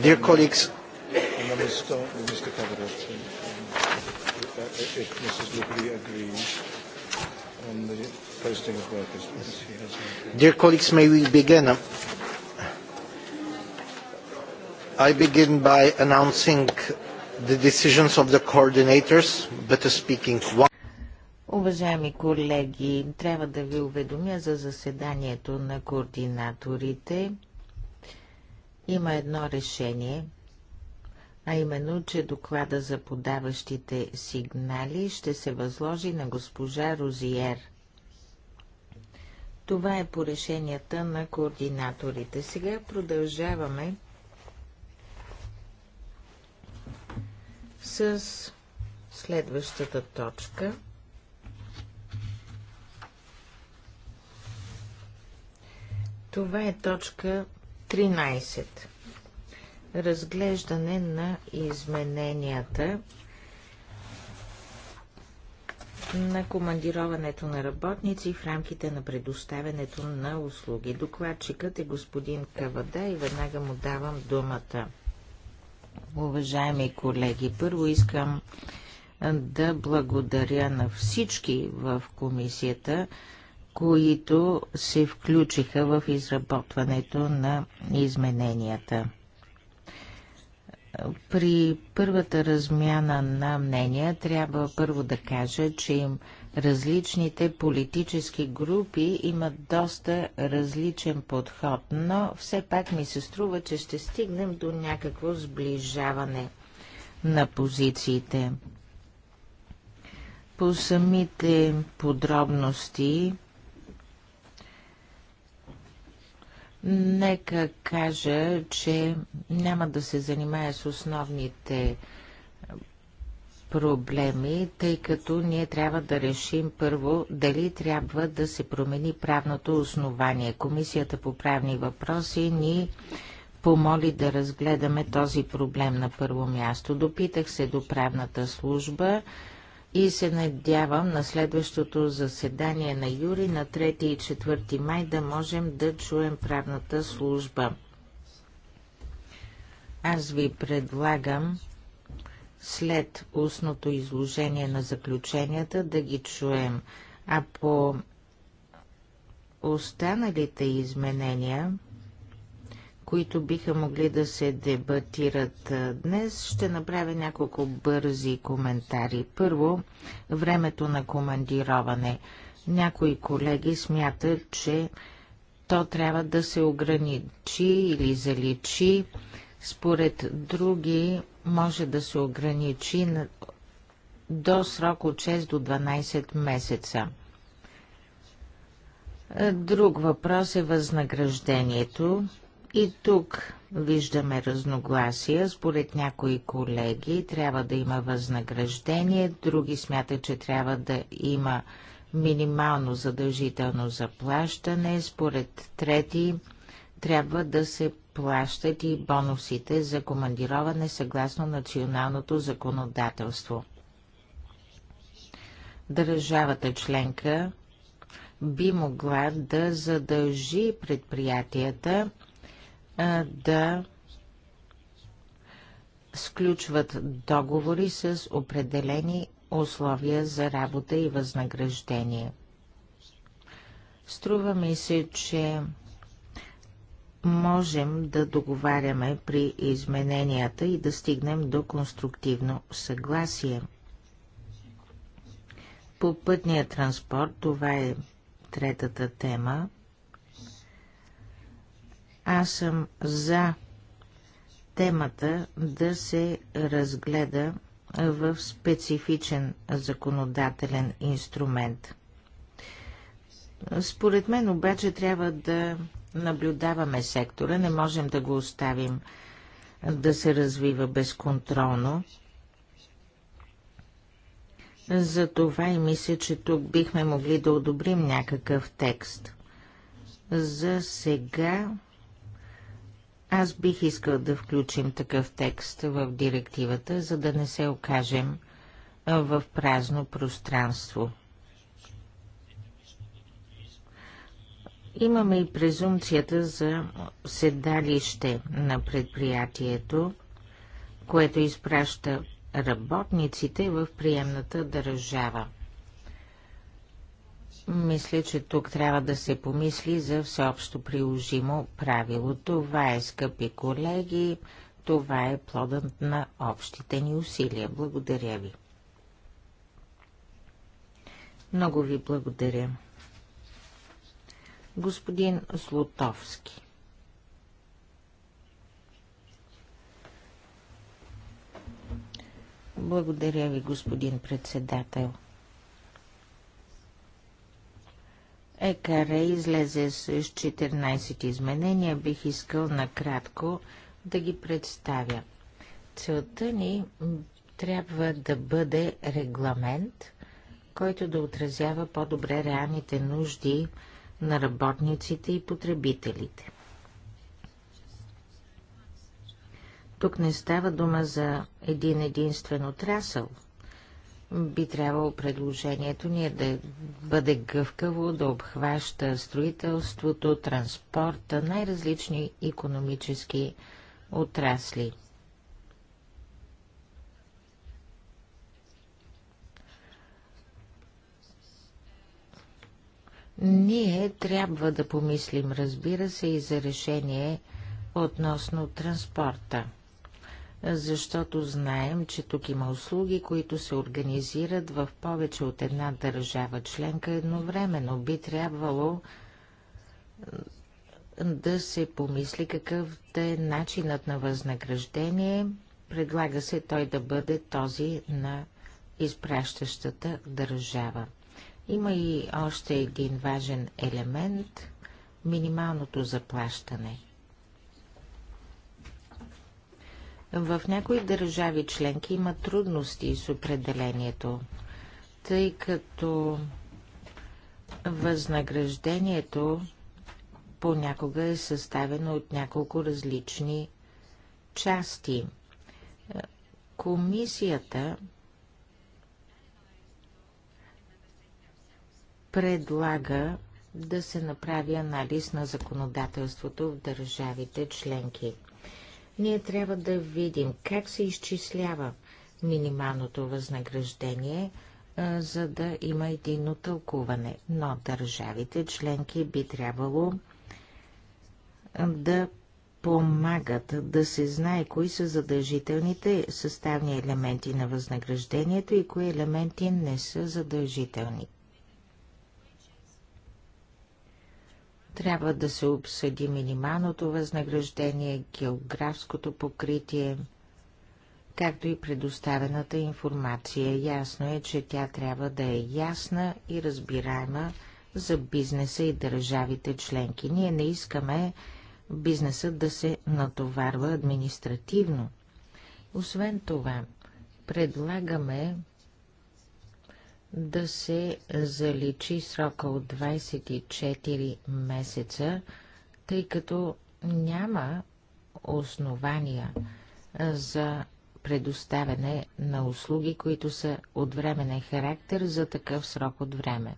Dear colleagues, Dear colleagues, may we begin? I begin by announcing the decisions of the coordinators, better speaking one. Уважаеми колеги, трябва да ви уведомя за заседанието на координаторите. Има едно решение, а именно, че доклада за подаващите сигнали ще се възложи на госпожа Розиер. Това е по решенията на координаторите. Сега продължаваме с следващата точка. Това е точка 13. Разглеждане на измененията на командироването на работници в рамките на предоставянето на услуги. Докладчикът е господин Кавада и веднага му давам думата. Уважаеми колеги, първо искам да благодаря на всички в комисията, които се включиха в изработването на измененията. При първата размяна на мнения трябва първо да кажа, че им различните политически групи имат доста различен подход, но все пак ми се струва, че ще стигнем до някакво сближаване на позициите. По самите подробности Нека кажа, че няма да се занимая с основните проблеми, тъй като ние трябва да решим първо дали трябва да се промени правното основание. Комисията по правни въпроси ни помоли да разгледаме този проблем на първо място. Допитах се до правната служба и се надявам на следващото заседание на Юри на 3 и 4 май да можем да чуем правната служба. Аз ви предлагам след устното изложение на заключенията да ги чуем, а по останалите изменения които биха могли да се дебатират днес. Ще направя няколко бързи коментари. Първо, времето на командироване. Някои колеги смятат, че то трябва да се ограничи или заличи. Според други може да се ограничи до срок от 6 до 12 месеца. Друг въпрос е възнаграждението. И тук виждаме разногласия. Според някои колеги трябва да има възнаграждение, други смятат, че трябва да има минимално задължително заплащане. Според трети трябва да се плащат и бонусите за командироване съгласно националното законодателство. Държавата членка би могла да задължи предприятията да сключват договори с определени условия за работа и възнаграждение. Струва ми се, че можем да договаряме при измененията и да стигнем до конструктивно съгласие. По пътния транспорт, това е третата тема, аз съм за темата да се разгледа в специфичен законодателен инструмент. Според мен обаче трябва да наблюдаваме сектора, не можем да го оставим да се развива безконтролно. Затова и мисля, че тук бихме могли да одобрим някакъв текст. За сега аз бих искал да включим такъв текст в директивата, за да не се окажем в празно пространство. Имаме и презумцията за седалище на предприятието, което изпраща работниците в приемната държава. Мисля, че тук трябва да се помисли за всеобщо приложимо правило. Това е, скъпи колеги, това е плодът на общите ни усилия. Благодаря ви. Много ви благодаря. Господин Злотовски. Благодаря ви, господин председател. Каре излезе с 14 изменения, бих искал накратко да ги представя. Целта ни трябва да бъде регламент, който да отразява по-добре реалните нужди на работниците и потребителите. Тук не става дума за един единствен отрасъл – би трябвало предложението ни е да бъде гъвкаво, да обхваща строителството, транспорта, най-различни економически отрасли. Ние трябва да помислим, разбира се, и за решение относно транспорта защото знаем, че тук има услуги, които се организират в повече от една държава членка едновременно. Би трябвало да се помисли какъв да е начинът на възнаграждение. Предлага се той да бъде този на изпращащата държава. Има и още един важен елемент – минималното заплащане – В някои държави членки има трудности с определението, тъй като възнаграждението понякога е съставено от няколко различни части. Комисията предлага да се направи анализ на законодателството в държавите членки – ние трябва да видим как се изчислява минималното възнаграждение, за да има единно тълкуване. Но държавите членки би трябвало да помагат да се знае кои са задължителните съставни елементи на възнаграждението и кои елементи не са задължителни. Трябва да се обсъди минималното възнаграждение, географското покритие, както и предоставената информация. Ясно е, че тя трябва да е ясна и разбираема за бизнеса и държавите членки. Ние не искаме бизнесът да се натоварва административно. Освен това, предлагаме да се заличи срока от 24 месеца, тъй като няма основания за предоставяне на услуги, които са от временен характер за такъв срок от време.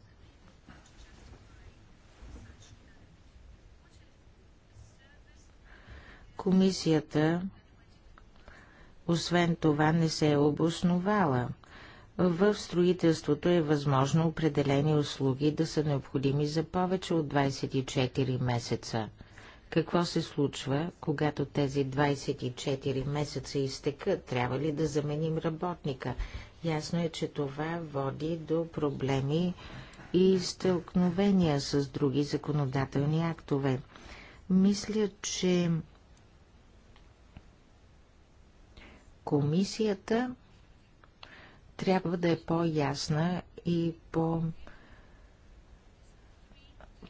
Комисията освен това не се е обосновала – в строителството е възможно определени услуги да са необходими за повече от 24 месеца. Какво се случва, когато тези 24 месеца изтекат? Трябва ли да заменим работника? Ясно е, че това води до проблеми и стълкновения с други законодателни актове. Мисля, че комисията трябва да е по-ясна и по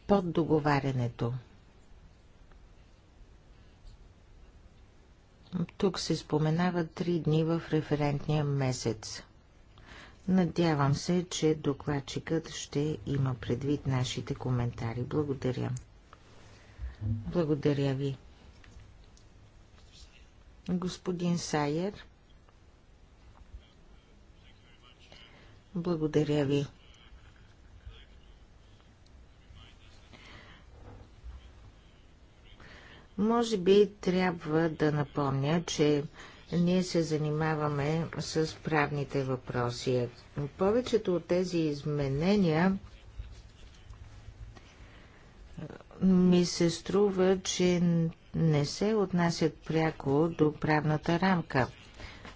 под договарянето. Тук се споменава три дни в референтния месец. Надявам се, че докладчикът ще има предвид нашите коментари. Благодаря. Благодаря ви. Господин Сайер. Благодаря ви. Може би трябва да напомня, че ние се занимаваме с правните въпроси. Повечето от тези изменения ми се струва, че не се отнасят пряко до правната рамка.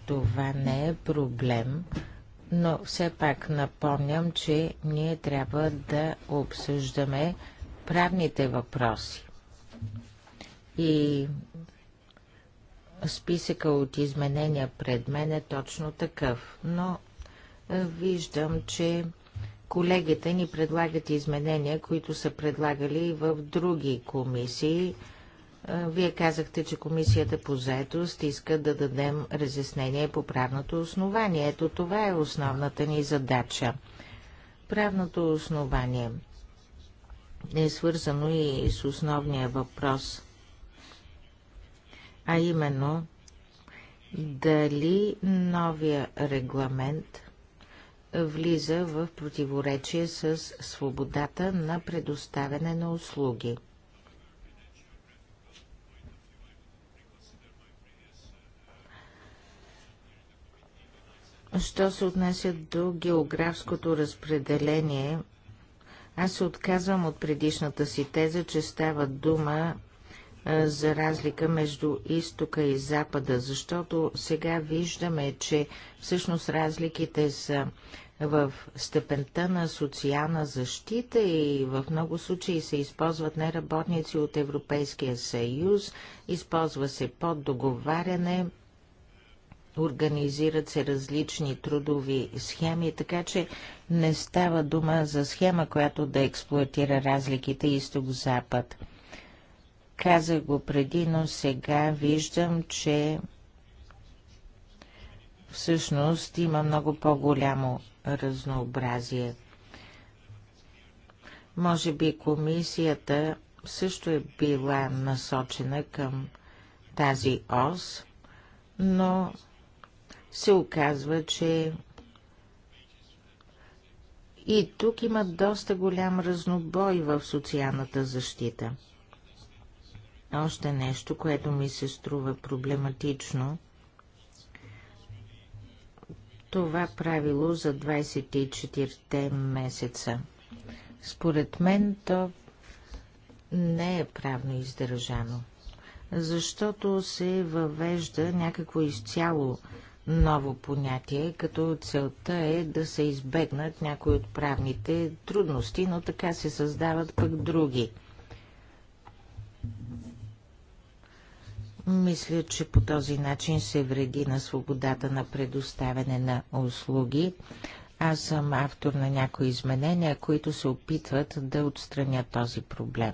Това не е проблем, но все пак напомням, че ние трябва да обсъждаме правните въпроси. И списъка от изменения пред мен е точно такъв, но е, виждам, че колегите ни предлагат изменения, които са предлагали и в други комисии – вие казахте, че комисията по заетост иска да дадем разяснение по правното основание. Ето това е основната ни задача. Правното основание е свързано и с основния въпрос, а именно дали новия регламент влиза в противоречие с свободата на предоставяне на услуги – Що се отнася до географското разпределение, аз се отказвам от предишната си теза, че става дума за разлика между изтока и запада, защото сега виждаме, че всъщност разликите са в степента на социална защита и в много случаи се използват неработници от Европейския съюз, използва се поддоговаряне, организират се различни трудови схеми, така че не става дума за схема, която да експлуатира разликите изток-запад. Казах го преди, но сега виждам, че всъщност има много по-голямо разнообразие. Може би комисията също е била насочена към тази ос, но се оказва, че и тук има доста голям разнобой в социалната защита. Още нещо, което ми се струва проблематично. Това правило за 24-те месеца. Според мен то не е правно издържано, защото се въвежда някакво изцяло ново понятие, като целта е да се избегнат някои от правните трудности, но така се създават пък други. Мисля, че по този начин се вреди на свободата на предоставяне на услуги. Аз съм автор на някои изменения, които се опитват да отстранят този проблем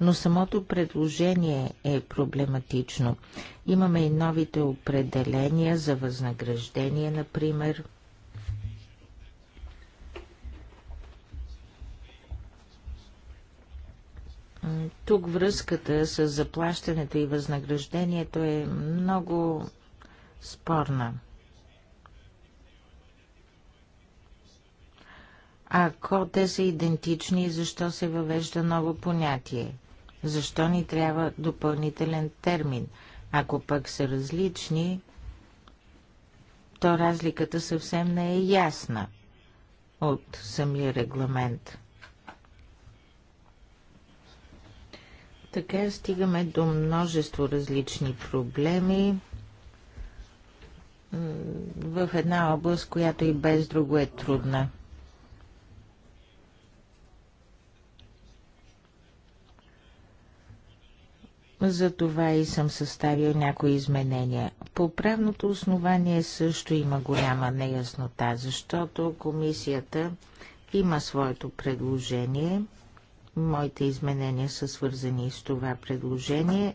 но самото предложение е проблематично. Имаме и новите определения за възнаграждение, например. Тук връзката с заплащането и възнаграждението е много спорна. Ако те са идентични, защо се въвежда ново понятие? Защо ни трябва допълнителен термин? Ако пък са различни, то разликата съвсем не е ясна от самия регламент. Така стигаме до множество различни проблеми в една област, която и без друго е трудна. Затова и съм съставил някои изменения. По правното основание също има голяма неяснота, защото комисията има своето предложение. Моите изменения са свързани с това предложение.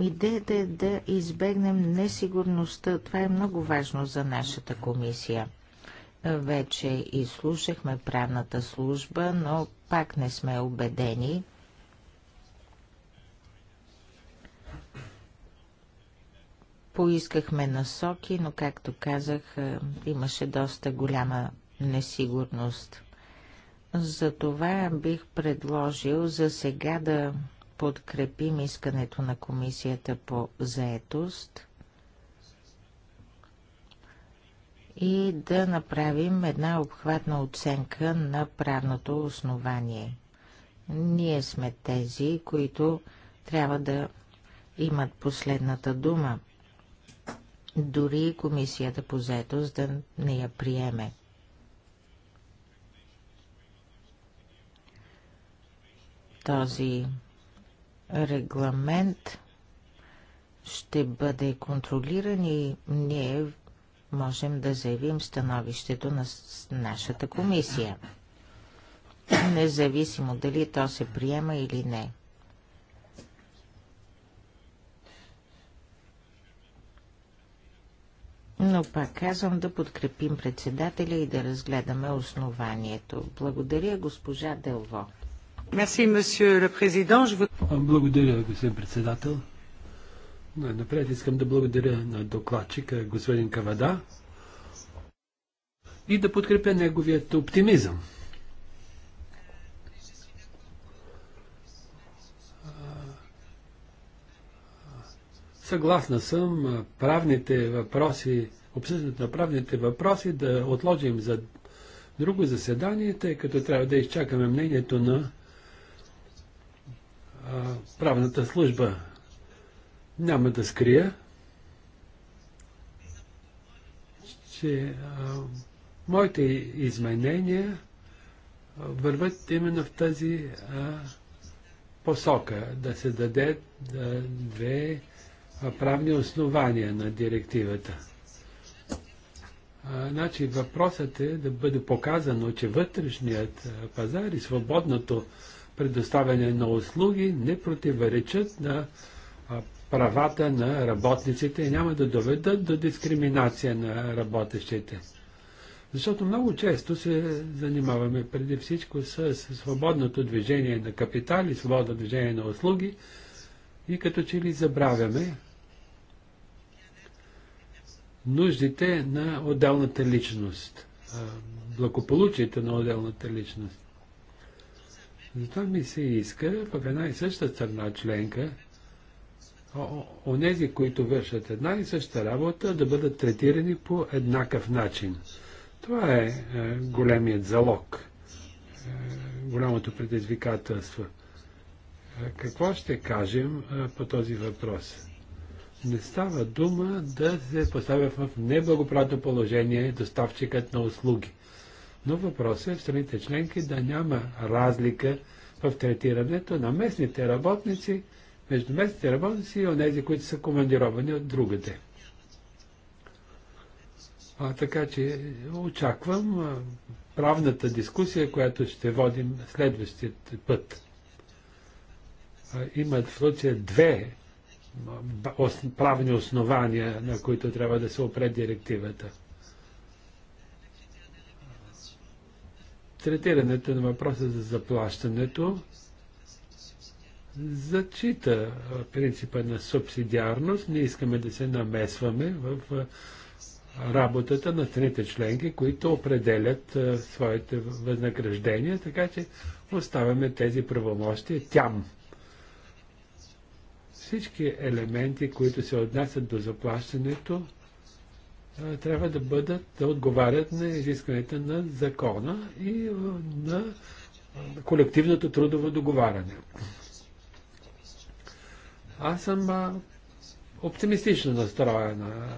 Идеята е да избегнем несигурността. Това е много важно за нашата комисия. Вече изслушахме правната служба, но пак не сме убедени, Поискахме насоки, но както казах, е, имаше доста голяма несигурност. Затова бих предложил за сега да подкрепим искането на комисията по заетост и да направим една обхватна оценка на правното основание. Ние сме тези, които трябва да имат последната дума дори комисията по заетост да не я приеме. Този регламент ще бъде контролиран и ние можем да заявим становището на нашата комисия, независимо дали то се приема или не. Но пак казвам да подкрепим председателя и да разгледаме основанието. Благодаря, госпожа Делво. Благодаря, господин председател. Напред искам да благодаря на докладчика, господин Кавада, и да подкрепя неговият оптимизъм. Съгласна съм правните въпроси, обсъждането на правните въпроси да отложим за друго заседание, тъй като трябва да изчакаме мнението на а, правната служба. Няма да скрия, че а, моите изменения върват именно в тази а, посока. Да се даде а, две правни основания на директивата. А, значи въпросът е да бъде показано, че вътрешният пазар и свободното предоставяне на услуги не противоречат на правата на работниците и няма да доведат до дискриминация на работещите. Защото много често се занимаваме преди всичко с свободното движение на капитали, свободно движение на услуги и като че ли забравяме нуждите на отделната личност, благополучието на отделната личност. Затова ми се иска в една и съща страна членка, онези, които вършат една и съща работа, да бъдат третирани по еднакъв начин. Това е, е големият залог, е, голямото предизвикателство. Е, какво ще кажем по този въпрос? не става дума да се поставя в неблагоприятно положение доставчикът на услуги. Но въпросът е в страните членки да няма разлика в третирането на местните работници, между местните работници и онези, които са командировани от другите. А, така че очаквам а, правната дискусия, която ще водим следващия път. А, имат в случая две правни основания, на които трябва да се опре директивата. Третирането на въпроса за заплащането зачита принципа на субсидиарност. Ние искаме да се намесваме в работата на трите членки, които определят своите възнаграждения, така че оставяме тези правомощи тям всички елементи, които се отнасят до заплащането, трябва да бъдат, да отговарят на изискването на закона и на колективното трудово договаряне. Аз съм оптимистично настроена.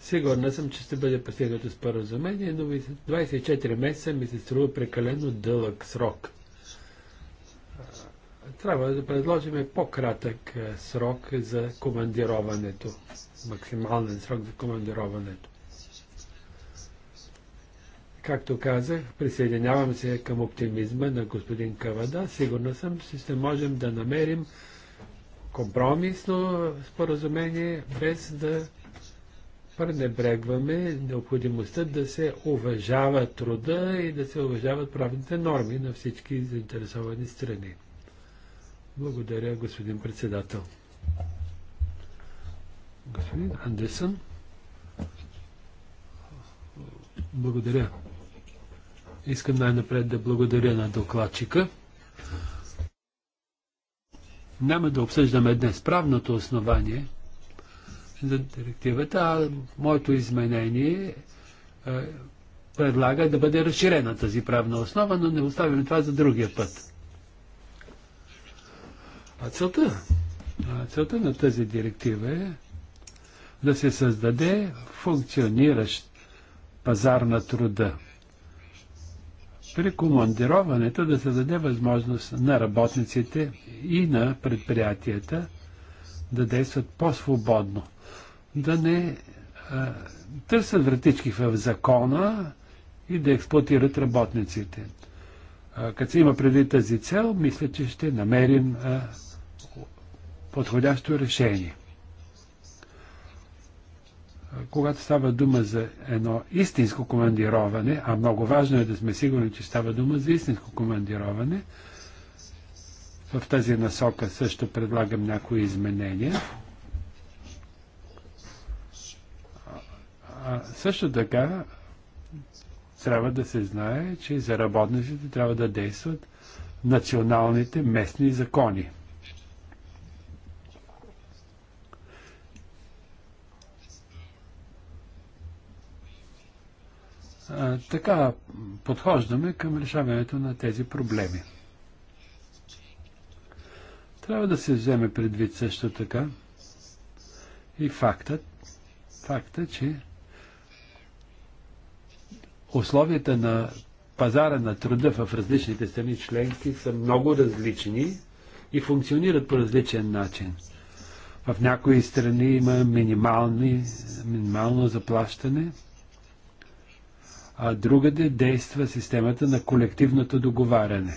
Сигурна съм, че ще бъде постигнато споразумение, но 24 месеца ми се струва прекалено дълъг срок трябва да предложим по-кратък е, срок за командироването, максимален срок за командироването. Както казах, присъединявам се към оптимизма на господин Кавада. Сигурна съм, че ще можем да намерим компромисно споразумение, без да пренебрегваме необходимостта да се уважава труда и да се уважават правните норми на всички заинтересовани страни. Благодаря, господин председател. Господин Андесън. Благодаря. Искам най-напред да благодаря на докладчика. Няма да обсъждаме днес правното основание за директивата, а моето изменение е, предлага да бъде разширена тази правна основа, но не оставим това за другия път. А целта, целта на тази директива е да се създаде функциониращ пазар на труда. При командироването да се даде възможност на работниците и на предприятията да действат по-свободно, да не а, търсят вратички в закона и да експлуатират работниците. Като се има преди тази цел, мисля, че ще намерим а, подходящо решение. Когато става дума за едно истинско командироване, а много важно е да сме сигурни, че става дума за истинско командироване, в тази насока също предлагам някои изменения. А също така трябва да се знае, че за работниците трябва да действат националните местни закони. така подхождаме към решаването на тези проблеми. Трябва да се вземе предвид също така и фактът, факта, че условията на пазара на труда в различните страни членки са много различни и функционират по различен начин. В някои страни има минимални, минимално заплащане – а другаде действа системата на колективното договаряне.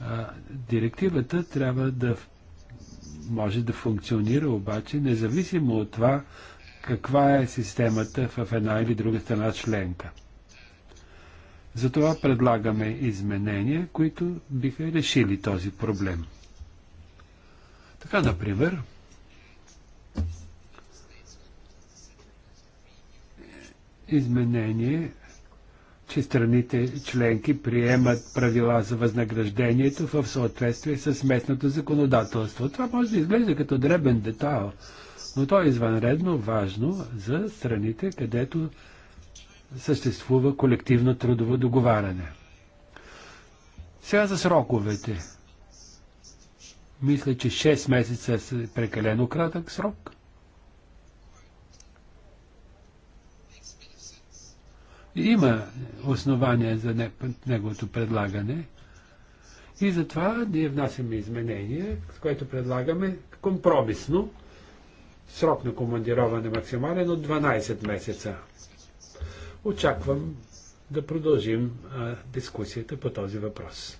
А, директивата трябва да може да функционира обаче независимо от това каква е системата в една или друга страна членка. Затова предлагаме изменения, които биха решили този проблем. Така, например, изменение, че страните членки приемат правила за възнаграждението в съответствие с местното законодателство. Това може да изглежда като дребен детайл, но то е извънредно важно за страните, където съществува колективно трудово договаряне. Сега за сроковете. Мисля, че 6 месеца е прекалено кратък срок. има основания за неговото предлагане. И затова ние внасяме изменение, с което предлагаме компромисно срок на командироване максимален от 12 месеца. Очаквам да продължим а, дискусията по този въпрос.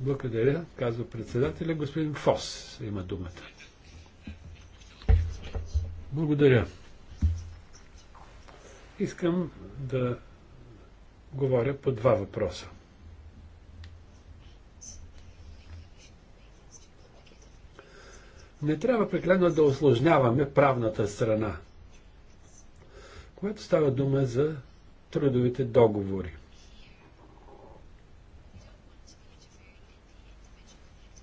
Благодаря, казва председателя. Господин Фос има думата. Благодаря. Искам да говоря по два въпроса. Не трябва прекалено да осложняваме правната страна, когато става дума за трудовите договори.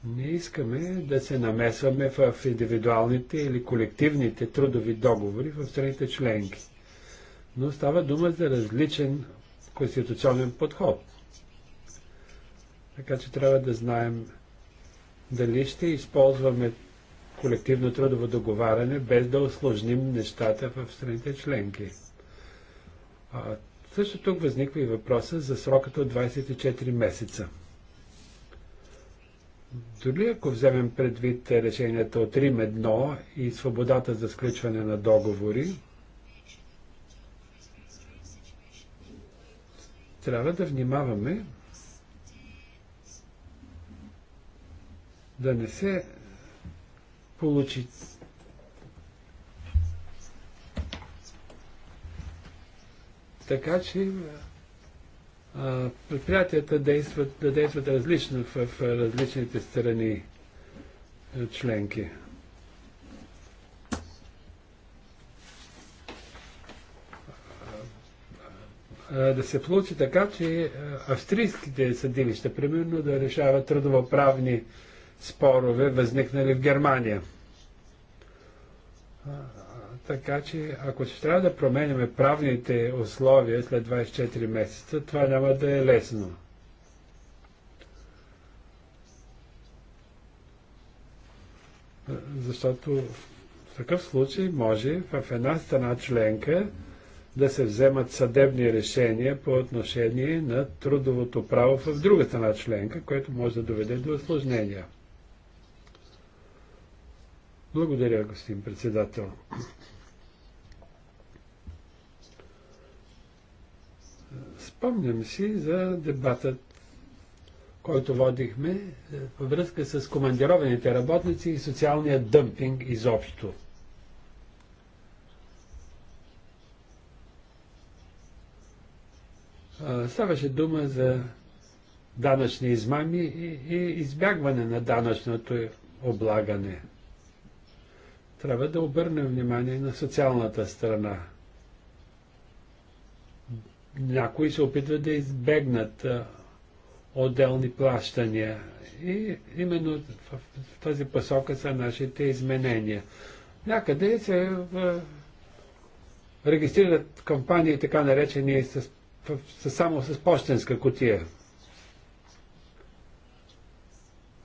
Не искаме да се намесваме в индивидуалните или колективните трудови договори в страните членки но става дума за различен конституционен подход. Така че трябва да знаем дали ще използваме колективно трудово договаряне, без да осложним нещата в страните членки. А, също тук възниква и въпроса за срокът от 24 месеца. Дори ако вземем предвид решенията от Рим 1 и свободата за сключване на договори, трябва да внимаваме да не се получи така, че предприятията действат, да действат различно в, в различните страни членки. да се получи така, че австрийските съдилища, примерно, да решават трудовоправни спорове, възникнали в Германия. Така че, ако ще трябва да променяме правните условия след 24 месеца, това няма да е лесно. Защото в такъв случай може в една страна членка да се вземат съдебни решения по отношение на трудовото право в другата на членка, което може да доведе до осложнения. Благодаря, господин председател. Спомням си за дебатът, който водихме е, във връзка с командированите работници и социалния дъмпинг изобщо. Ставаше дума за данъчни измами и, и избягване на данъчното облагане. Трябва да обърнем внимание на социалната страна. Някои се опитват да избегнат отделни плащания. И именно в, тази посока са нашите изменения. Някъде се регистрират компании така наречени с само с почтенска котия.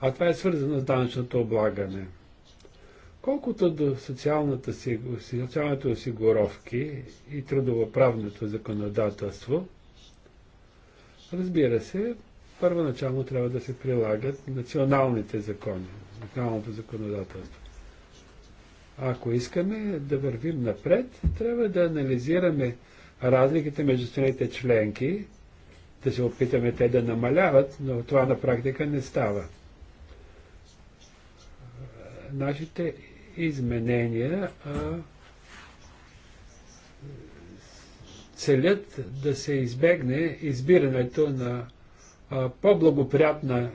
А това е свързано с данъчното облагане. Колкото до социалната, социалните осигуровки и трудовоправното законодателство, разбира се, първоначално трябва да се прилагат националните закони, националното законодателство. Ако искаме да вървим напред, трябва да анализираме разликите между страните членки, да се опитаме те да намаляват, но това на практика не става. Нашите изменения а, целят да се избегне избирането на по-благоприятна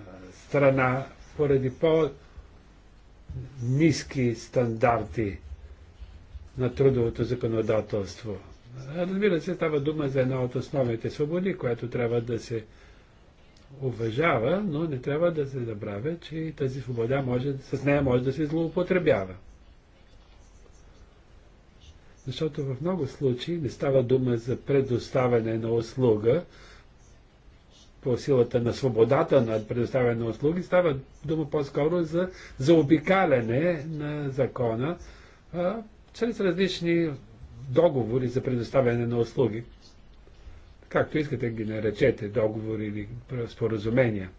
страна поради по-низки стандарти на трудовото законодателство. Разбира се, става дума за една от основните свободи, която трябва да се уважава, но не трябва да се забравя, че тази свобода може, с нея може да се злоупотребява. Защото в много случаи не става дума за предоставяне на услуга по силата на свободата на предоставяне на услуги, става дума по-скоро за заобикаляне на закона а, чрез различни договори за предоставяне на услуги. Както искате ги наречете, договори или споразумения.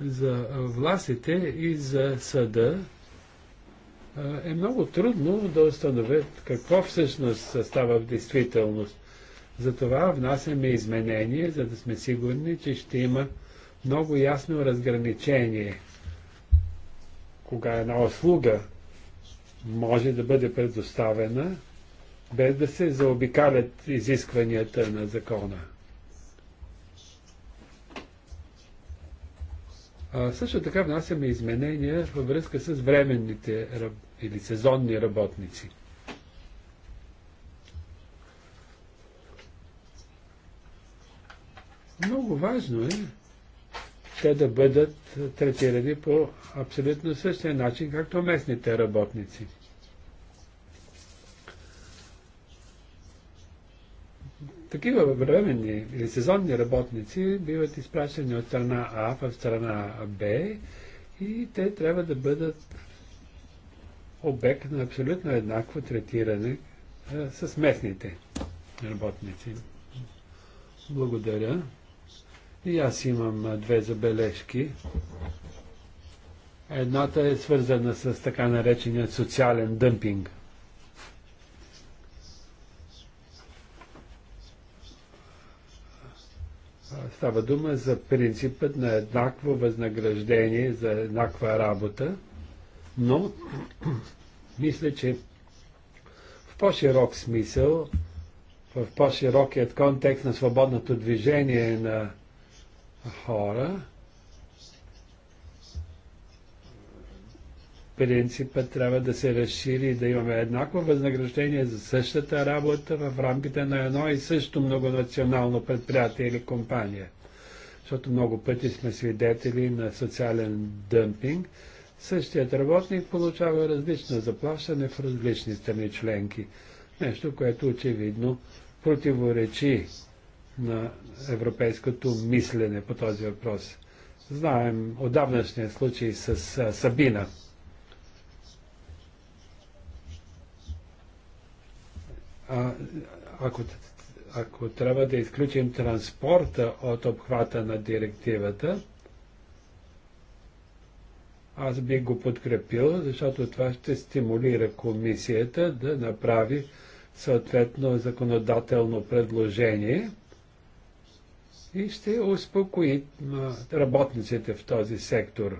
За властите и за съда е много трудно да установят какво всъщност става в действителност. Затова внасяме изменения, за да сме сигурни, че ще има много ясно разграничение – кога една услуга може да бъде предоставена, без да се заобикалят изискванията на закона. А, също така внасяме изменения във връзка с временните или сезонни работници. Много важно е те да бъдат третирани по абсолютно същия начин, както местните работници. Такива временни или сезонни работници биват изпращани от страна А в страна Б и те трябва да бъдат обект на абсолютно еднакво третиране с местните работници. Благодаря. И аз имам две забележки. Едната е свързана с така наречения социален дъмпинг. Става дума за принципът на еднакво възнаграждение за еднаква работа, но мисля, че в по-широк смисъл, в по-широкият контекст на свободното движение на хора, принципът трябва да се разшири, да имаме еднакво възнаграждение за същата работа в рамките на едно и също многонационално предприятие или компания. Защото много пъти сме свидетели на социален дъмпинг. Същият работник получава различно заплащане в различни страни членки. Нещо, което очевидно противоречи на европейското мислене по този въпрос. Знаем отдавнашния случай с Сабина. А, ако, ако трябва да изключим транспорта от обхвата на директивата, аз би го подкрепил, защото това ще стимулира комисията да направи съответно законодателно предложение – и ще успокои работниците в този сектор.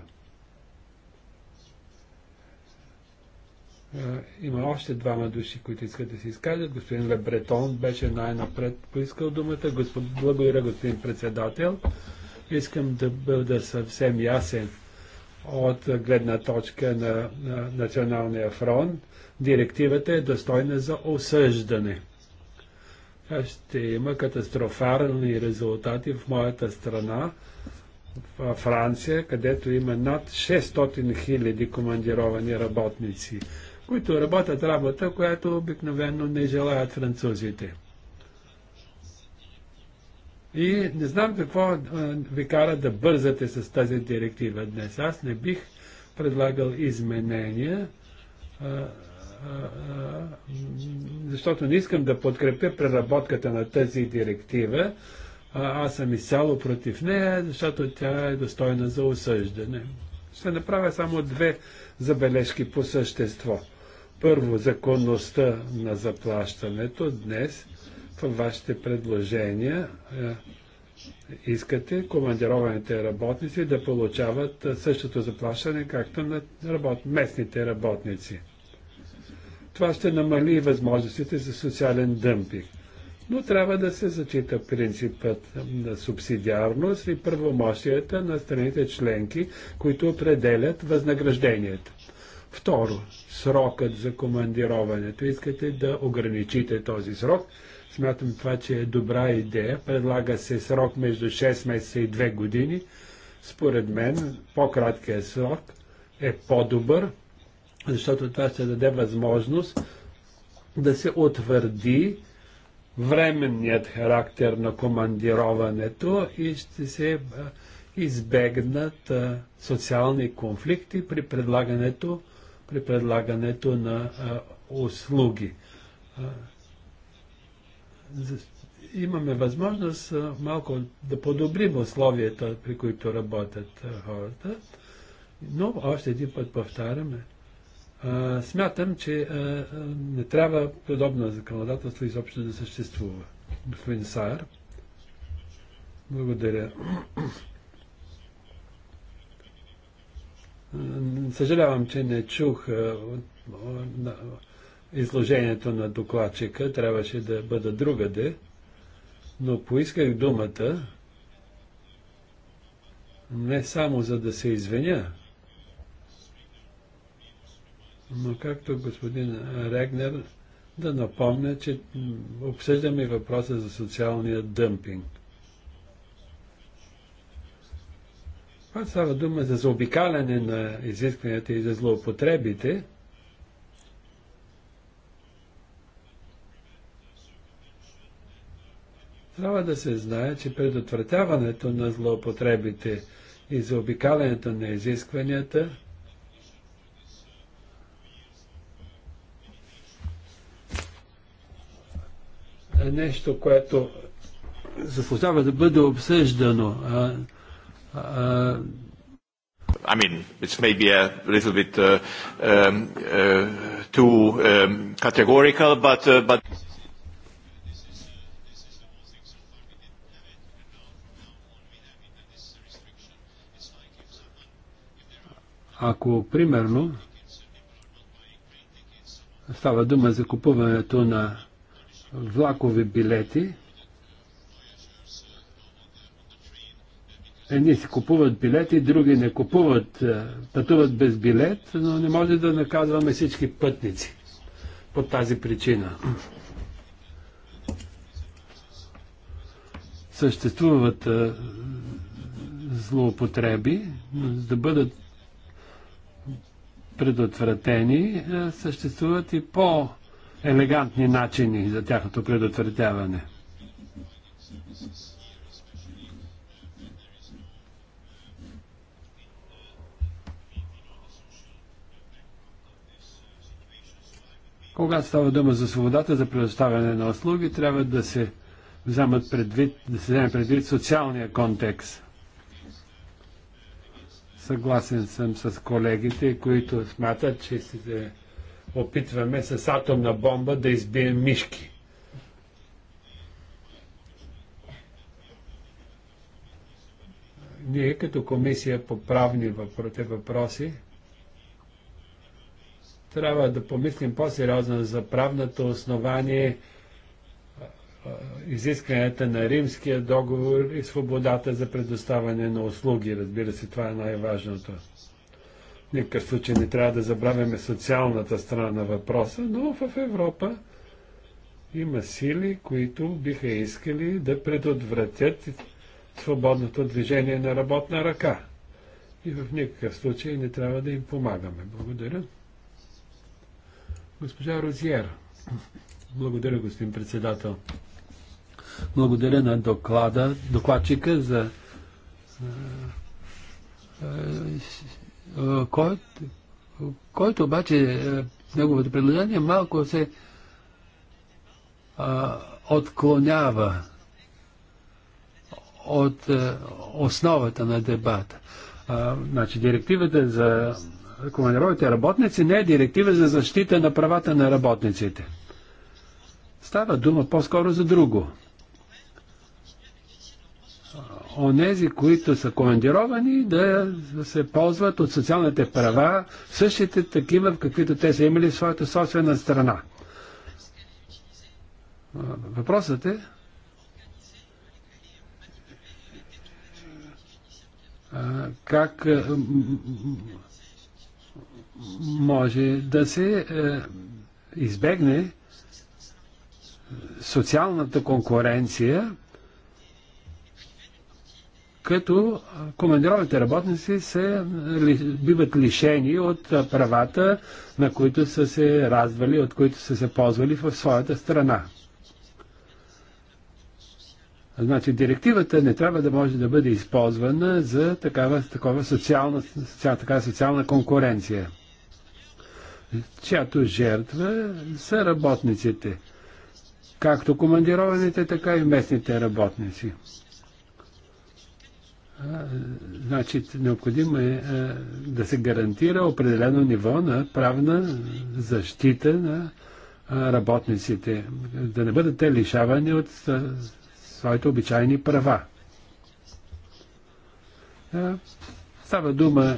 Има още двама души, които искат да се изкажат. Господин Лебретон беше най-напред поискал думата. Господ... Благодаря, господин председател. Искам да бъда съвсем ясен от гледна точка на, на Националния фронт. Директивата е достойна за осъждане ще има катастрофарни резултати в моята страна, в Франция, където има над 600 хиляди командировани работници, които работят работа, която обикновено не желаят французите. И не знам какво ви кара да бързате с тази директива днес. Аз не бих предлагал изменения, защото не искам да подкрепя преработката на тази директива. Аз съм изцяло против нея, защото тя е достойна за осъждане. Ще направя само две забележки по същество. Първо, законността на заплащането днес във вашите предложения е, искате командированите работници да получават същото заплащане, както на работ... местните работници. Това ще намали възможностите за социален дъмпинг. Но трябва да се зачита принципът на субсидиарност и правомощията на страните членки, които определят възнаграждението. Второ, срокът за командироването. Искате да ограничите този срок. Смятам това, че е добра идея. Предлага се срок между 6 месеца и 2 години. Според мен по-краткият срок е по-добър, защото това ще даде възможност да се утвърди временният характер на командироването и ще се избегнат социални конфликти при предлагането, при предлагането на услуги. имаме възможност малко да подобрим условията, при които работят хората, но още един път повтаряме, а, смятам, че а, не трябва подобна законодателство изобщо да съществува. Господин Сайер. благодаря. Съжалявам, че не чух изложението на докладчика. Трябваше да бъда другаде, но поисках думата не само за да се извиня, но както господин Регнер да напомня, че обсъждаме въпроса за социалния дъмпинг. Това става дума за заобикаляне на изискванията и за злоупотребите. Трябва да се знае, че предотвратяването на злоупотребите и заобикалянето на изискванията – нещо, което заслужава да бъде обсъждано. А, а, I mean, it's maybe a little bit uh, um, uh, too um, categorical, but, uh, but ако примерно става дума за купуването на влакови билети. Едни си купуват билети, други не купуват, е, пътуват без билет, но не може да наказваме всички пътници по тази причина. Съществуват е, злоупотреби, но за да бъдат предотвратени, е, съществуват и по елегантни начини за тяхното предотвратяване. Когато става дума за свободата за предоставяне на услуги, трябва да се вземат предвид, да се вземе предвид социалния контекст. Съгласен съм с колегите, които смятат, че се опитваме с атомна бомба да избием мишки. Ние като комисия по правни въпроси трябва да помислим по-сериозно за правното основание, изискванията на римския договор и свободата за предоставяне на услуги. Разбира се, това е най-важното никакъв случай не трябва да забравяме социалната страна на въпроса, но в Европа има сили, които биха искали да предотвратят свободното движение на работна ръка. И в никакъв случай не трябва да им помагаме. Благодаря. Госпожа Розиер. Благодаря, господин председател. Благодаря на доклада, докладчика за е, който, който обаче е, неговото предложение малко се а, отклонява от а, е, основата на дебата. А, значи, директивата за командировите работници не е директива за защита на правата на работниците. Става дума по-скоро за друго онези, които са командировани, да се ползват от социалните права, същите такива, каквито те са имали в своята собствена страна. Въпросът е как може да се избегне социалната конкуренция като командировните работници се, биват лишени от правата, на които са се раздвали, от които са се ползвали в своята страна. Значи директивата не трябва да може да бъде използвана за такава, такова социална, такава социална конкуренция, чиято жертва са работниците, както командированите, така и местните работници. Значи, необходимо е, е да се гарантира определено ниво на правна защита на е, работниците, да не бъдат те лишавани от е, своите обичайни права. Става дума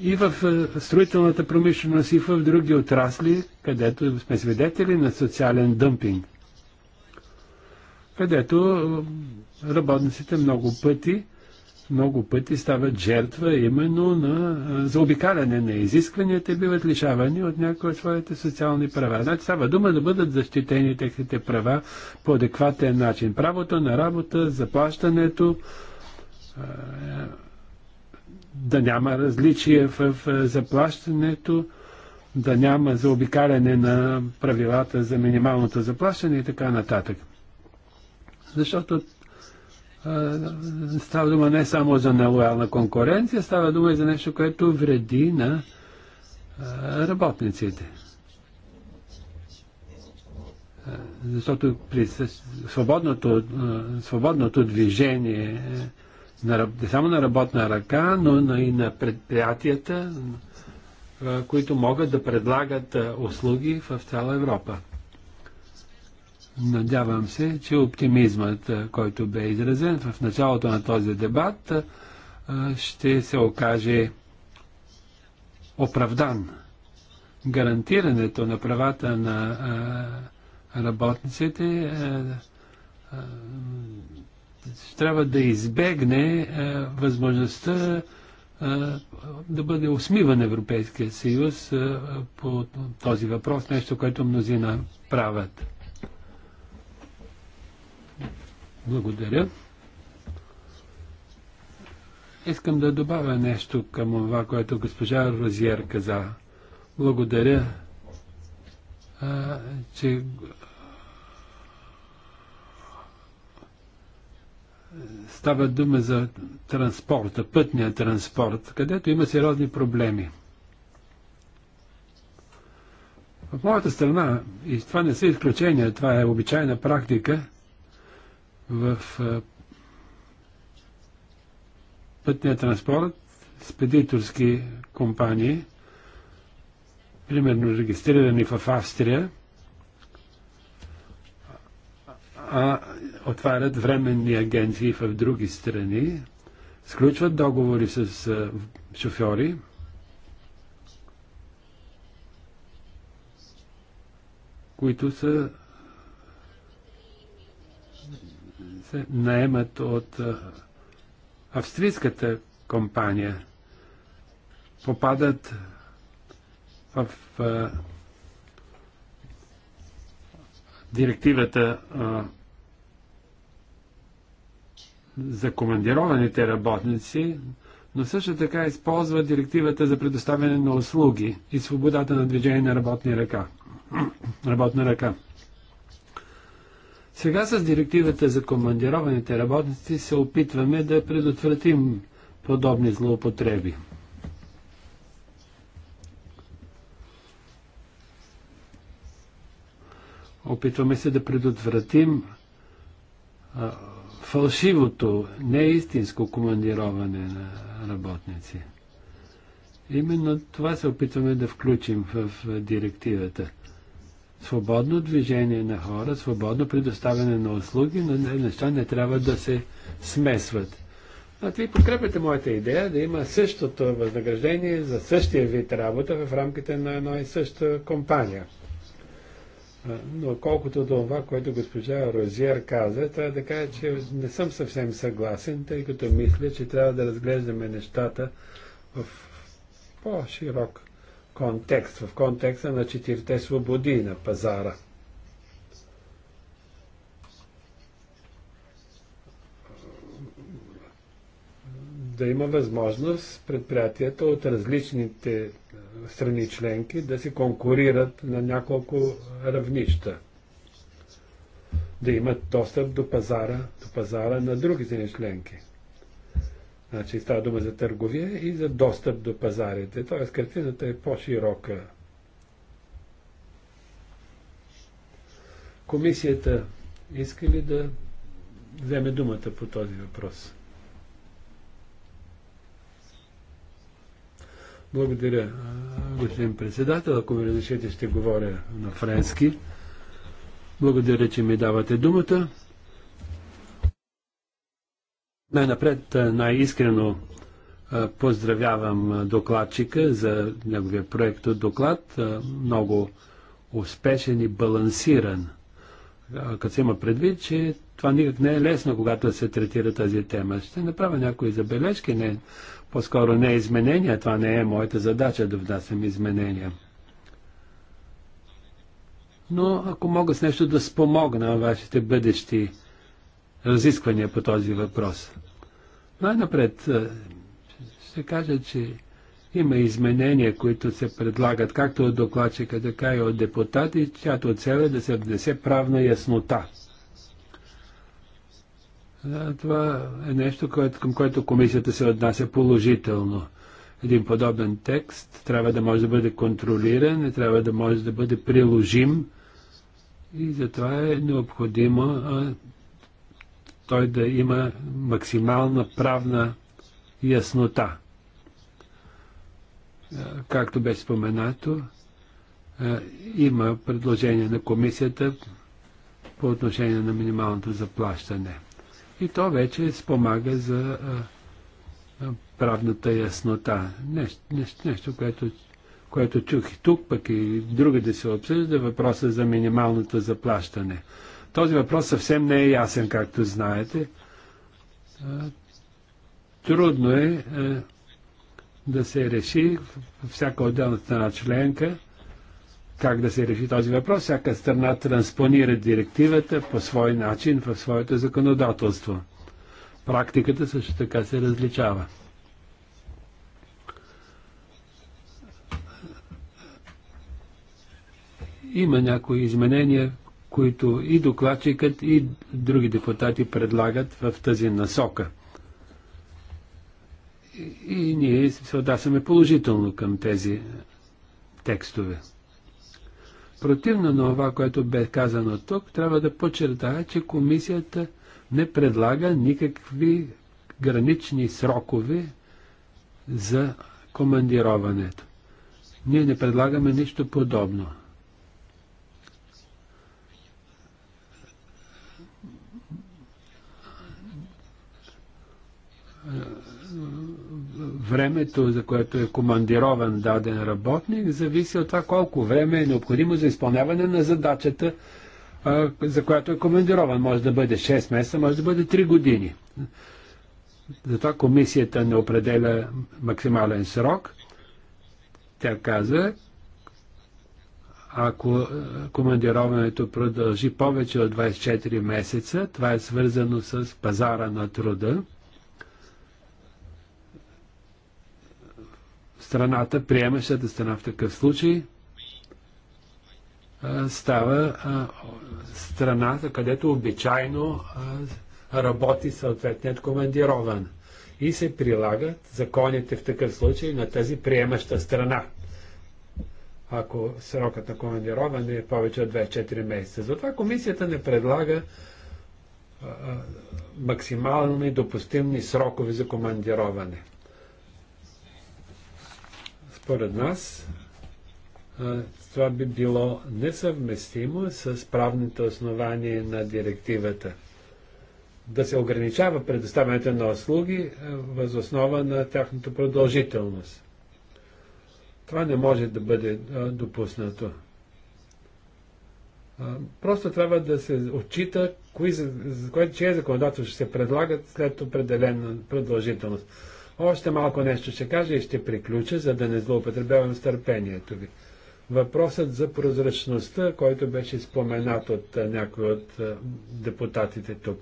и в строителната промишленост, и в други отрасли, където сме свидетели на социален дъмпинг. Където работниците много пъти много пъти стават жертва именно на заобикаляне на изискванията и биват лишавани от някои от своите социални права. Значи става дума да бъдат защитени техните права по адекватен начин. Правото на работа, заплащането, да няма различия в заплащането, да няма заобикаляне на правилата за минималното заплащане и така нататък. Защото става дума не само за нелоялна конкуренция, става дума и за нещо, което вреди на работниците. Защото при свободното, свободното движение не само на работна ръка, но и на предприятията, които могат да предлагат услуги в цяла Европа. Надявам се, че оптимизмът, който бе изразен в началото на този дебат, ще се окаже оправдан. Гарантирането на правата на работниците трябва да избегне възможността да бъде усмиван Европейския съюз по този въпрос, нещо, което мнозина правят. Благодаря. Искам да добавя нещо към това, което госпожа Розиер каза. Благодаря, а, че става дума за транспорта, пътния транспорт, където има сериозни проблеми. В моята страна, и това не са изключения, това е обичайна практика, в пътния транспорт спедиторски компании, примерно регистрирани в Австрия, а отварят временни агенции в други страни, сключват договори с шофьори, които са се наемат от австрийската компания, попадат в а, директивата а, за командированите работници, но също така използва директивата за предоставяне на услуги и свободата на движение на работни ръка. работна ръка. Сега с директивата за командированите работници се опитваме да предотвратим подобни злоупотреби. Опитваме се да предотвратим а, фалшивото, неистинско командироване на работници. Именно това се опитваме да включим в директивата – свободно движение на хора, свободно предоставяне на услуги, но неща не трябва да се смесват. А ви подкрепяте моята идея да има същото възнаграждение за същия вид работа в рамките на една и съща компания. Но колкото до това, което госпожа Розиер каза, трябва да кажа, че не съм съвсем съгласен, тъй като мисля, че трябва да разглеждаме нещата в по-широк контекст, в контекста на четирите свободи на пазара. Да има възможност предприятията от различните е, страни членки да се конкурират на няколко равнища. Да имат достъп до пазара, до пазара на другите членки. Значи става дума за търговия и за достъп до пазарите. Тоест картината е по-широка. Комисията иска ли да вземе думата по този въпрос? Благодаря, господин председател. Ако ми разрешите, ще говоря на френски. Благодаря, че ми давате думата. Най-напред, най-искрено поздравявам докладчика за неговия проект от доклад. Много успешен и балансиран. Като се има предвид, че това никак не е лесно, когато се третира тази тема. Ще направя някои забележки, не, по-скоро не изменения, това не е моята задача да внасям изменения. Но ако мога с нещо да спомогна вашите бъдещи разисквания по този въпрос. Най-напред се кажа, че има изменения, които се предлагат както от докладчика, така и от депутати, чиято цел е да се внесе правна яснота. Е, това е нещо, което, към което комисията се отнася положително. Един подобен текст трябва да може да бъде контролиран и трябва да може да бъде приложим и затова е необходимо е, той да има максимална правна яснота. Е, както беше споменато, е, има предложение на комисията по отношение на минималното заплащане. И то вече спомага за е, правната яснота. Нещо, нещо, нещо което, което чух и тук, пък и другите да се обсъжда, въпроса за минималното заплащане. Този въпрос съвсем не е ясен, както знаете. Трудно е да се реши всяка отделна страна членка как да се реши този въпрос. Всяка страна транспонира директивата по свой начин в своето законодателство. Практиката също така се различава. Има някои изменения които и докладчикът, и други депутати предлагат в тази насока. И, и ние се отдасяме положително към тези текстове. Противно на това, което бе казано тук, трябва да подчертая, че комисията не предлага никакви гранични срокове за командироването. Ние не предлагаме нищо подобно. времето, за което е командирован даден работник, зависи от това колко време е необходимо за изпълняване на задачата, за която е командирован. Може да бъде 6 месеца, може да бъде 3 години. Затова комисията не определя максимален срок. Тя каза, ако командироването продължи повече от 24 месеца, това е свързано с пазара на труда, страната, приемащата страна в такъв случай, става страната, където обичайно работи съответният командирован. И се прилагат законите в такъв случай на тази приемаща страна. Ако срокът на командироване е повече от 24 месеца. Затова комисията не предлага максимални допустимни срокове за командироване. Според нас това би било несъвместимо с правните основания на директивата. Да се ограничава предоставянето на услуги въз основа на тяхната продължителност. Това не може да бъде допуснато. Просто трябва да се отчита кои, кое, чие законодателство ще се предлагат след определена продължителност. Още малко нещо ще кажа и ще приключа, за да не злоупотребявам стърпението търпението ви. Въпросът за прозрачността, който беше споменат от някои от депутатите тук.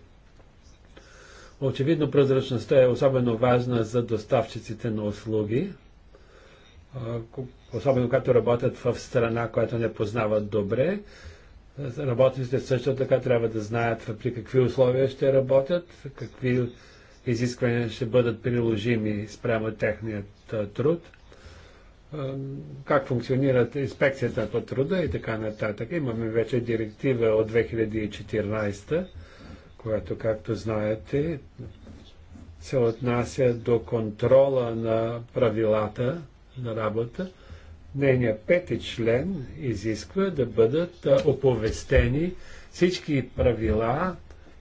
Очевидно прозрачността е особено важна за доставчиците на услуги, особено когато работят в страна, която не познават добре. Работниците също така трябва да знаят при какви условия ще работят, какви изисквания ще бъдат приложими спрямо техният труд, как функционират инспекцията по труда и така нататък. Имаме вече директива от 2014, която, както знаете, се отнася до контрола на правилата на работа. Нейният пети член изисква да бъдат оповестени всички правила,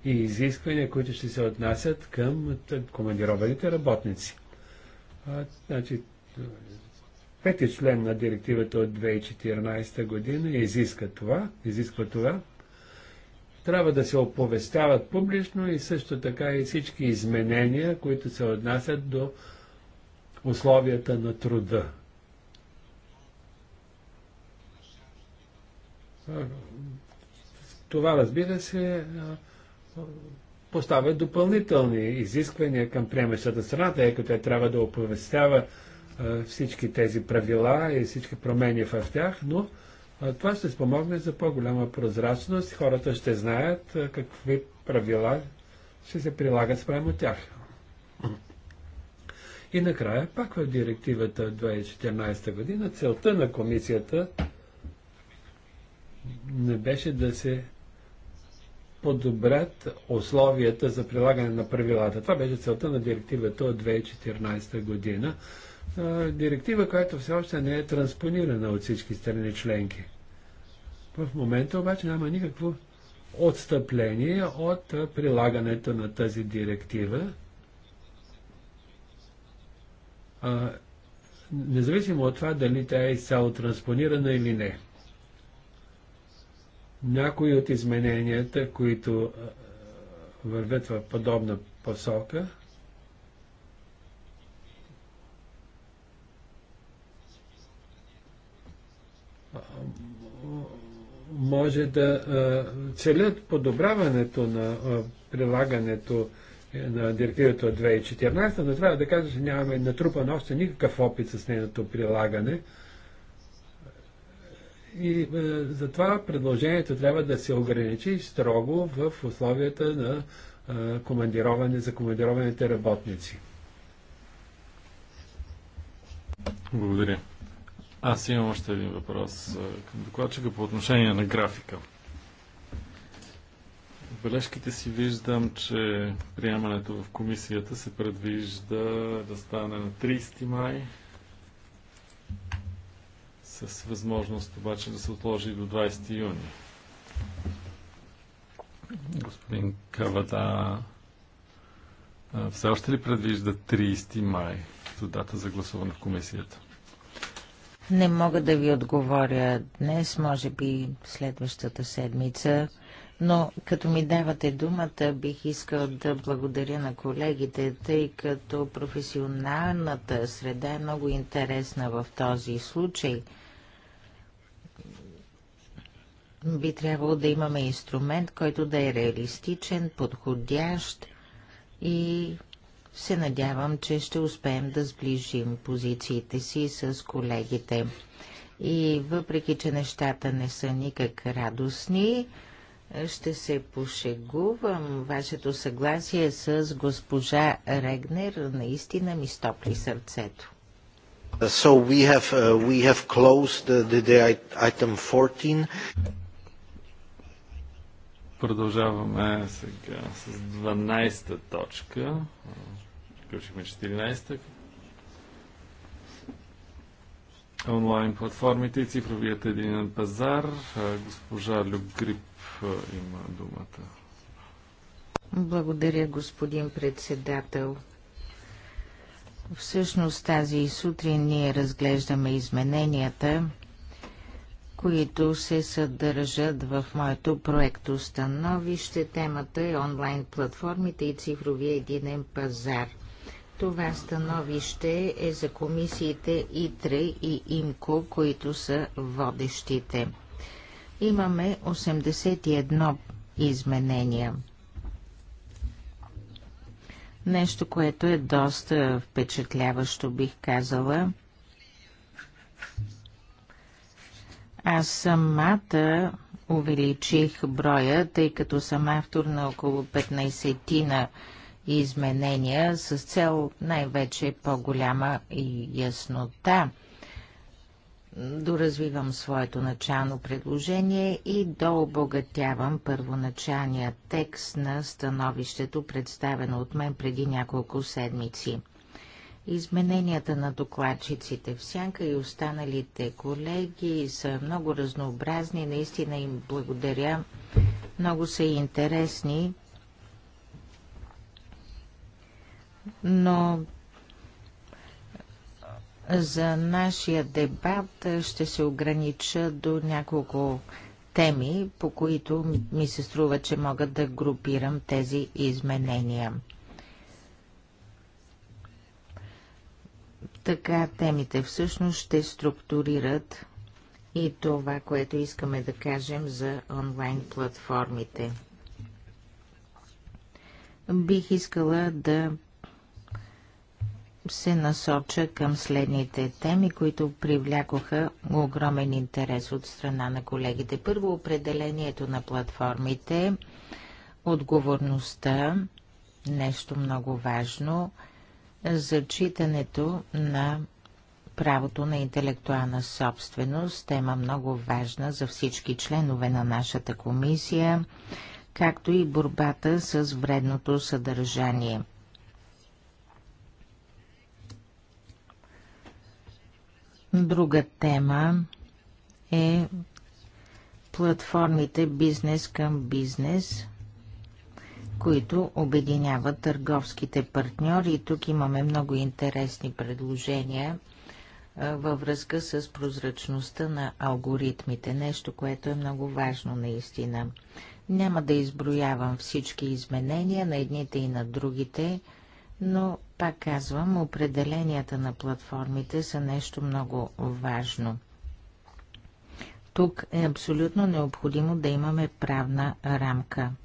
и изисквания, които ще се отнасят към командированите работници. А, значи, пети член на директивата от 2014 година изиска това, изисква това. Трябва да се оповестяват публично и също така и всички изменения, които се отнасят до условията на труда. Това, разбира се, поставя допълнителни изисквания към приемащата страна, тъй като тя трябва да оповестява всички тези правила и всички промени в тях, но това ще спомогне за по-голяма прозрачност. Хората ще знаят какви правила ще се прилагат спрямо тях. И накрая, пак в директивата 2014 година, целта на комисията не беше да се подобрят условията за прилагане на правилата. Това беше целта на директивата от 2014 година. Директива, която все още не е транспонирана от всички страни членки. В момента обаче няма никакво отстъпление от прилагането на тази директива. независимо от това дали тя е изцяло транспонирана или не. Някои от измененията, които вървят в подобна посока, може да целят подобряването на прилагането на директивата от 2014, но трябва да кажа, че нямаме натрупан още никакъв опит с нейното прилагане. И е, затова предложението трябва да се ограничи строго в условията на е, командироване за командированите работници. Благодаря. Аз имам още един въпрос е, към докладчика по отношение на графика. В бележките си виждам, че приемането в комисията се предвижда да стане на 30 май с възможност обаче да се отложи до 20 юни. Господин Кавада, все още ли предвижда 30 май до дата за гласуване в комисията? Не мога да ви отговоря днес, може би следващата седмица, но като ми давате думата, бих искал да благодаря на колегите, тъй като професионалната среда е много интересна в този случай – би трябвало да имаме инструмент, който да е реалистичен, подходящ и се надявам, че ще успеем да сближим позициите си с колегите. И въпреки, че нещата не са никак радостни, ще се пошегувам. Вашето съгласие с госпожа Регнер наистина ми стопли сърцето. So we have, uh, we have closed the, the, the item 14. Продължаваме сега с 12-та точка. Включихме 14-та. Онлайн платформите и цифровият един пазар. Госпожа Любгрип има думата. Благодаря, господин председател. Всъщност тази сутрин ние разглеждаме измененията които се съдържат в моето проекто становище. Темата е онлайн платформите и цифровия единен пазар. Това становище е за комисиите ИТРЕ и ИМКО, които са водещите. Имаме 81 изменения. Нещо, което е доста впечатляващо, бих казала. Аз самата увеличих броя, тъй като съм автор на около 15 на изменения с цел най-вече по-голяма яснота. Доразвивам своето начално предложение и дообогатявам първоначалния текст на становището, представено от мен преди няколко седмици. Измененията на докладчиците в Сянка и останалите колеги са много разнообразни. Наистина им благодаря. Много са и интересни. Но за нашия дебат ще се огранича до няколко теми, по които ми се струва, че могат да групирам тези изменения. Така темите всъщност ще структурират и това, което искаме да кажем за онлайн платформите. Бих искала да се насоча към следните теми, които привлякоха огромен интерес от страна на колегите. Първо, определението на платформите, отговорността, нещо много важно – зачитането на правото на интелектуална собственост, тема много важна за всички членове на нашата комисия, както и борбата с вредното съдържание. Друга тема е платформите бизнес към бизнес – които обединяват търговските партньори. Тук имаме много интересни предложения във връзка с прозрачността на алгоритмите, нещо, което е много важно наистина. Няма да изброявам всички изменения на едните и на другите, но пак казвам, определенията на платформите са нещо много важно. Тук е абсолютно необходимо да имаме правна рамка –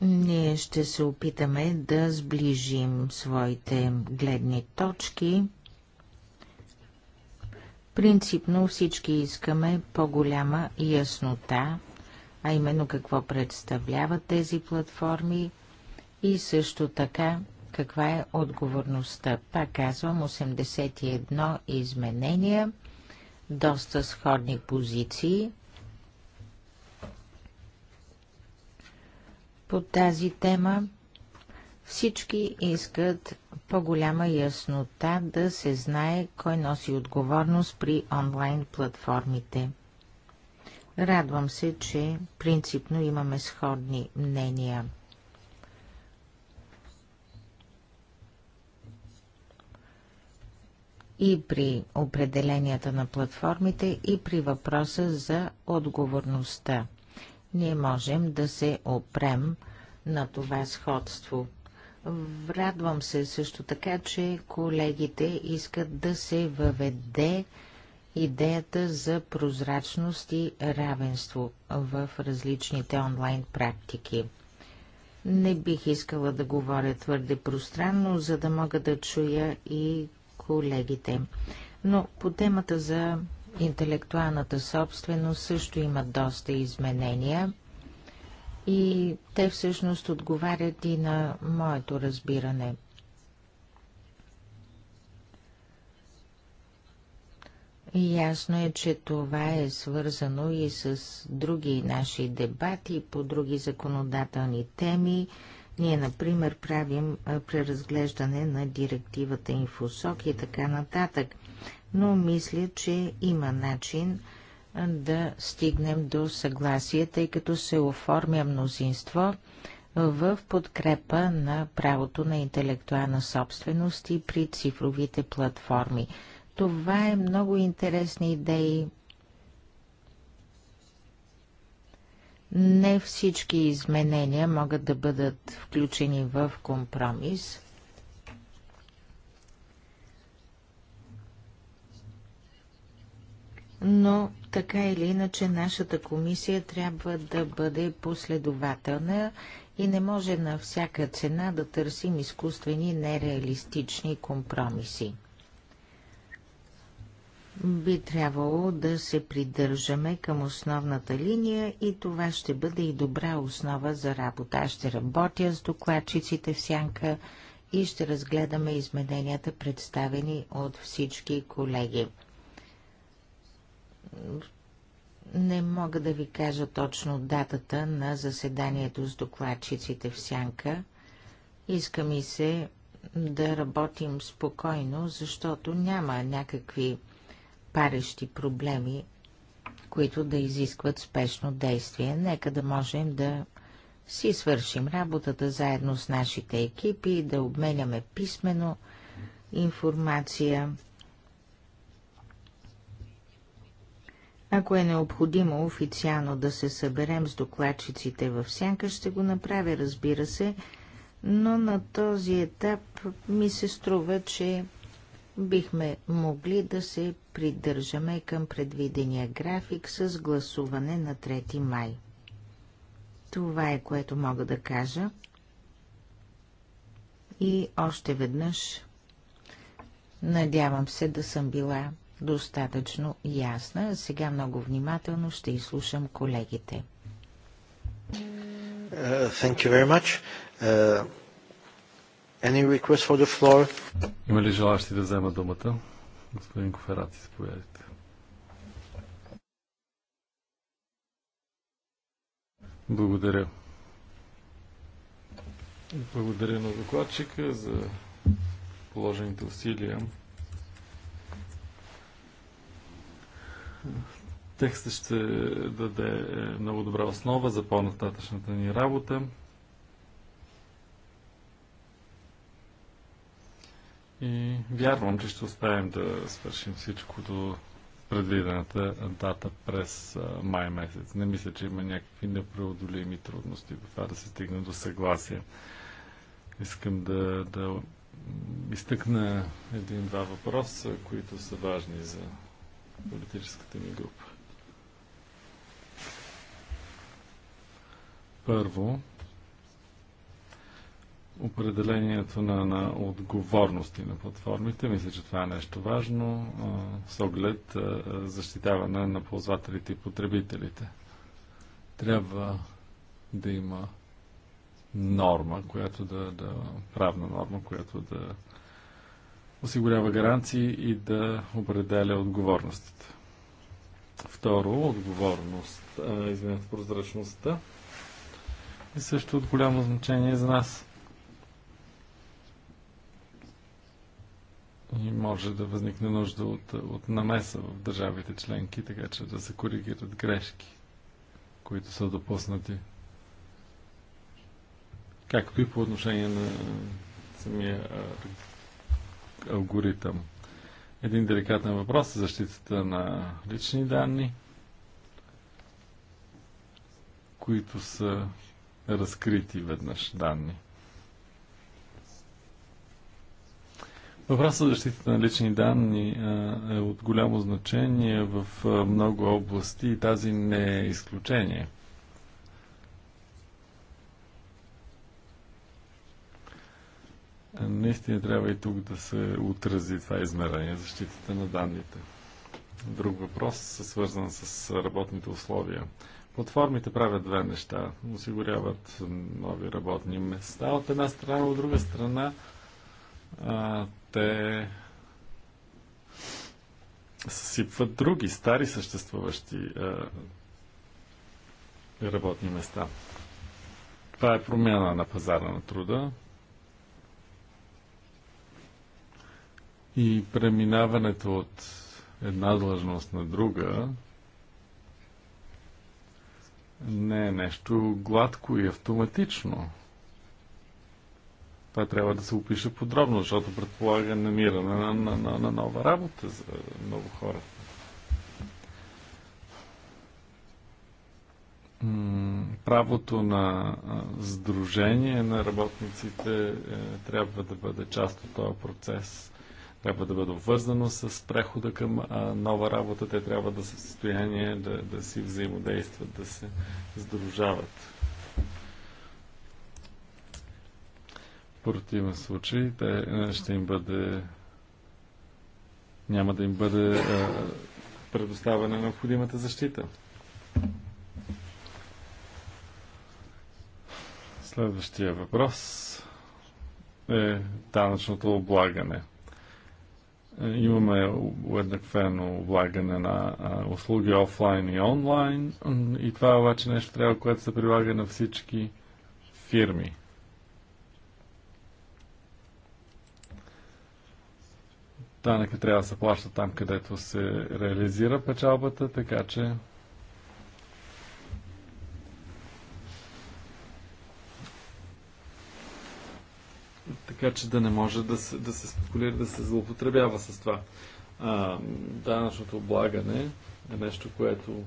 Ние ще се опитаме да сближим своите гледни точки. Принципно всички искаме по-голяма яснота, а именно какво представляват тези платформи и също така каква е отговорността. Пак казвам 81 изменения, доста сходни позиции – по тази тема. Всички искат по-голяма яснота да се знае кой носи отговорност при онлайн платформите. Радвам се, че принципно имаме сходни мнения. и при определенията на платформите, и при въпроса за отговорността ние можем да се опрем на това сходство. Врадвам се също така, че колегите искат да се въведе идеята за прозрачност и равенство в различните онлайн практики. Не бих искала да говоря твърде пространно, за да мога да чуя и колегите. Но по темата за интелектуалната собственост също има доста изменения и те всъщност отговарят и на моето разбиране. Ясно е, че това е свързано и с други наши дебати по други законодателни теми. Ние, например, правим преразглеждане на директивата Инфосок и така нататък но мисля, че има начин да стигнем до съгласие, тъй като се оформя мнозинство в подкрепа на правото на интелектуална собственост и при цифровите платформи. Това е много интересни идеи. Не всички изменения могат да бъдат включени в компромис, но така или иначе нашата комисия трябва да бъде последователна и не може на всяка цена да търсим изкуствени нереалистични компромиси. Би трябвало да се придържаме към основната линия и това ще бъде и добра основа за работа. Аз ще работя с докладчиците в сянка и ще разгледаме измененията, представени от всички колеги. Не мога да ви кажа точно датата на заседанието с докладчиците в Сянка. Иска ми се да работим спокойно, защото няма някакви парещи проблеми, които да изискват спешно действие. Нека да можем да си свършим работата заедно с нашите екипи, да обменяме писмено информация Ако е необходимо официално да се съберем с докладчиците в сянка, ще го направя, разбира се, но на този етап ми се струва, че бихме могли да се придържаме към предвидения график с гласуване на 3 май. Това е което мога да кажа. И още веднъж надявам се да съм била достатъчно ясна. Сега много внимателно ще изслушам колегите. Uh, thank you very much. Uh, any request for the floor? Има ли желащи да взема думата? Господин Коферати, заповядайте. Благодаря. Благодаря на докладчика за положените усилия. Текстът ще даде е, много добра основа за по-нататъчната ни работа. И вярвам, че ще успеем да свършим всичко до предвидената дата през е, май месец. Не мисля, че има някакви непреодолими трудности в това да се стигне до съгласие. Искам да, да изтъкна един-два въпроса, които са важни за политическата ми група. Първо, определението на, на отговорности на платформите. Мисля, че това е нещо важно а, с оглед а, защитаване на ползвателите и потребителите. Трябва да има норма, която да, да правна норма, която да осигурява гаранции и да определя отговорностите. Второ, отговорност, извинете, прозрачността е също от голямо значение за нас. И може да възникне нужда от, от намеса в държавите членки, така че да се коригират грешки, които са допуснати. Както и по отношение на самия алгоритъм. Един деликатен въпрос е защитата на лични данни, които са разкрити веднъж данни. Въпросът за защитата на лични данни е от голямо значение в много области и тази не е изключение – наистина трябва и тук да се отрази това измерение, защитата на данните. Друг въпрос, свързан с работните условия. Платформите правят две неща. Осигуряват нови работни места от една страна, от друга страна а, те съсипват други, стари съществуващи а, работни места. Това е промяна на пазара на труда. И преминаването от една длъжност на друга не е нещо гладко и автоматично. Това трябва да се опише подробно, защото предполага намиране на, на, на, на нова работа за много хора. правото на сдружение на работниците е, трябва да бъде част от този процес трябва да бъде обвързано с прехода към а, нова работа. Те трябва да са в състояние да, да си взаимодействат, да се сдружават. В противен случай те ще им бъде няма да им бъде а, предоставена необходимата защита. Следващия въпрос е данъчното облагане – е, имаме уеднаквено облагане на услуги офлайн и онлайн и това е обаче нещо трябва, което се прилага на всички фирми. Данъка трябва да се плаща там, където се реализира печалбата, така че така че да не може да се, да се спекулира, да се злоупотребява с това. А, данъчното облагане е нещо, което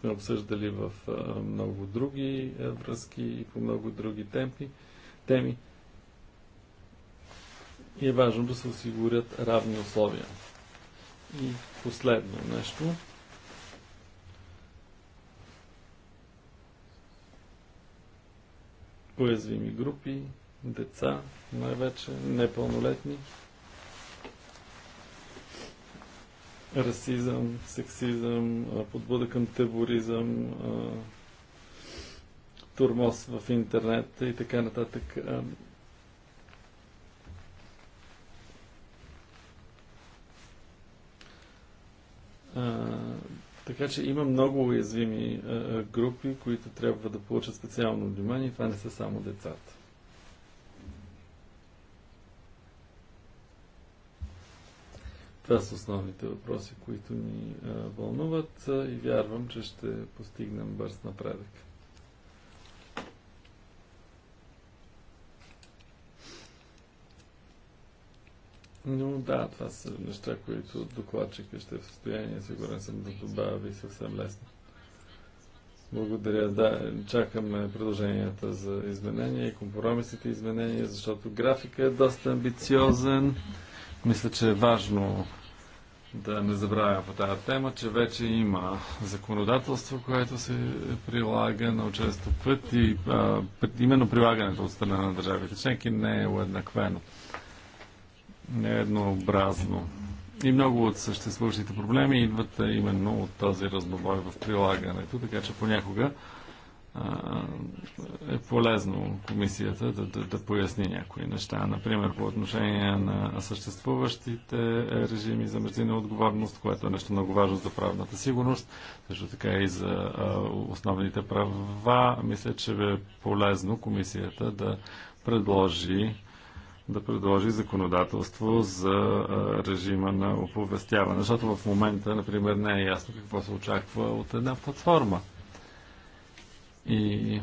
сме обсъждали в а, много други а, е, връзки и по много други темпи, теми. И е важно да се осигурят равни условия. И последно нещо. Уязвими групи, деца, най-вече непълнолетни, расизъм, сексизъм, подбуда към тероризъм, турмоз в интернет и така нататък. така че има много уязвими групи, които трябва да получат специално внимание. Това не са само децата. Това са основните въпроси, които ни вълнуват и вярвам, че ще постигнем бърз напредък. Но да, това са неща, които докладчика ще е в състояние, сигурен съм да добави съвсем лесно. Благодаря. Да, чакаме предложенията за изменения и компромисните изменения, защото графика е доста амбициозен. Мисля, че е важно да не забравя по тази тема, че вече има законодателство, което се прилага на често пъти. А, именно прилагането от страна на държавите членки не е уеднаквено, не е еднообразно. И много от съществуващите проблеми идват именно от този разнобой в прилагането, така че понякога е полезно комисията да, да, да поясни някои неща. Например, по отношение на съществуващите режими за междинна отговорност, което е нещо много важно за правната сигурност, също така и за основните права, мисля, че е полезно комисията да предложи да предложи законодателство за режима на оповестяване. Защото в момента, например, не е ясно какво се очаква от една платформа и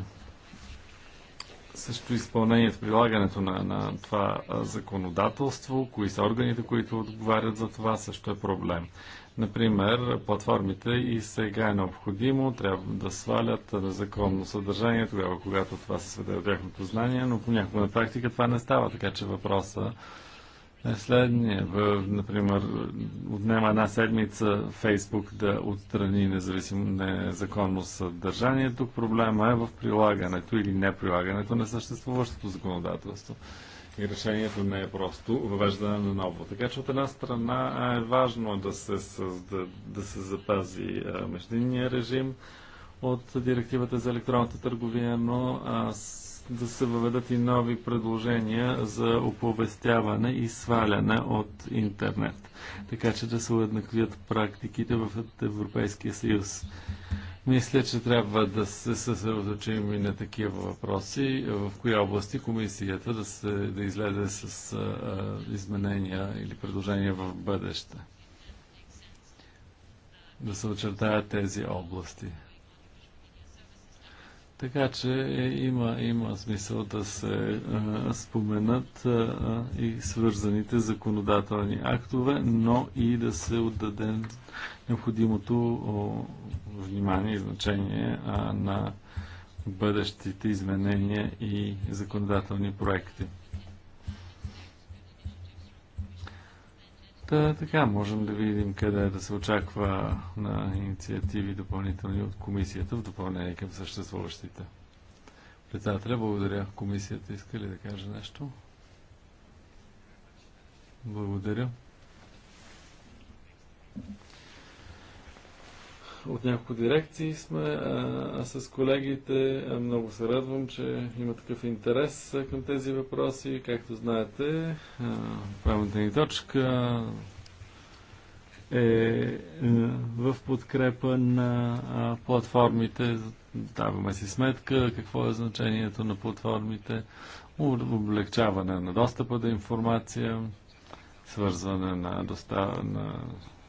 също изпълнението, прилагането на, на това законодателство, кои са органите, които отговарят за това, също е проблем. Например, платформите и сега е необходимо, трябва да свалят незаконно съдържание, тогава когато това се сведе от тяхното знание, но понякога на практика това не става, така че въпроса е следния. В, например, отнема една седмица Фейсбук да отстрани независимо незаконно съдържание. Тук проблема е в прилагането или неприлагането на съществуващото законодателство. И решението не е просто въвеждане на ново. Така че от една страна е важно да се, създа, да се запази междинния режим от директивата за електронната търговия, но аз да се въведат и нови предложения за оповестяване и сваляне от интернет, така че да се уеднаквят практиките в Европейския съюз. Мисля, че трябва да се съсредоточим и на такива въпроси, в кои области комисията да, се, да излезе с а, изменения или предложения в бъдеще. Да се очертаят тези области. Така че е, има, има смисъл да се а, е, споменат а, е, и свързаните законодателни актове, но и да се отдаде необходимото о, внимание и значение а, на бъдещите изменения и законодателни проекти. Та, така, можем да видим къде да се очаква на инициативи допълнителни от комисията в допълнение към съществуващите. Председателя, благодаря. Комисията иска ли да каже нещо? Благодаря от няколко дирекции сме, а, а с колегите много се радвам, че има такъв интерес към тези въпроси. Както знаете, правилната ни точка е, е в подкрепа на платформите. Даваме си сметка какво е значението на платформите, облегчаване на достъпа до информация, свързване на, достав... на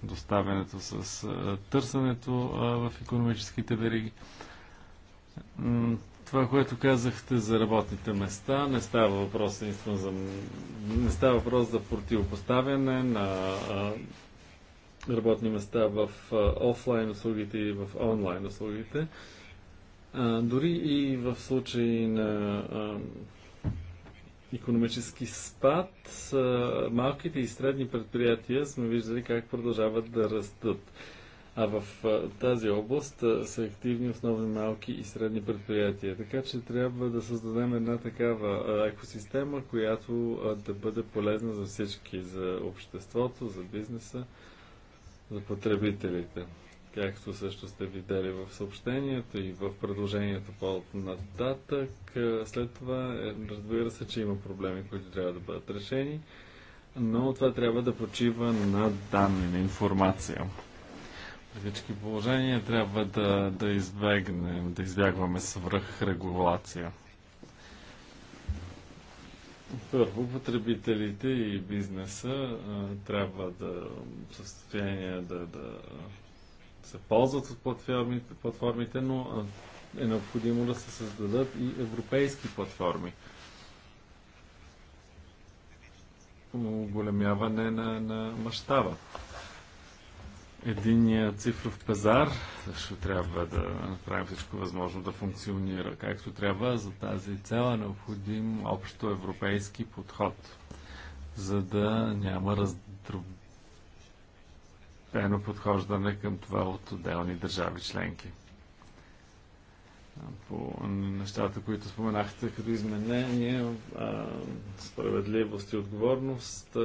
доставянето с търсенето в економическите вериги. Това, което казахте за работните места, не става въпрос единствено за... Не става въпрос за противопоставяне на работни места в офлайн услугите и в онлайн услугите. Дори и в случай на економически спад, малките и средни предприятия сме виждали как продължават да растат. А в тази област са активни основни малки и средни предприятия. Така че трябва да създадем една такава екосистема, която да бъде полезна за всички, за обществото, за бизнеса, за потребителите както също сте видели в съобщението и в предложението по-нататък. След това, е, разбира се, че има проблеми, които трябва да бъдат решени, но това трябва да почива на данни, на информация. При всички положения трябва да, да избегнем, да избягваме свръхрегулация. Първо, потребителите и бизнеса а, трябва да в състояние да, да се ползват от платформите, платформите но е необходимо да се създадат и европейски платформи. Оголемяване на, на мащаба. Единият цифров пазар също трябва да направим всичко възможно да функционира както трябва. За тази цел е необходим общо европейски подход, за да няма раздробяване постепенно подхождане към това от отделни държави членки. По нещата, които споменахте като изменение, справедливост и отговорност,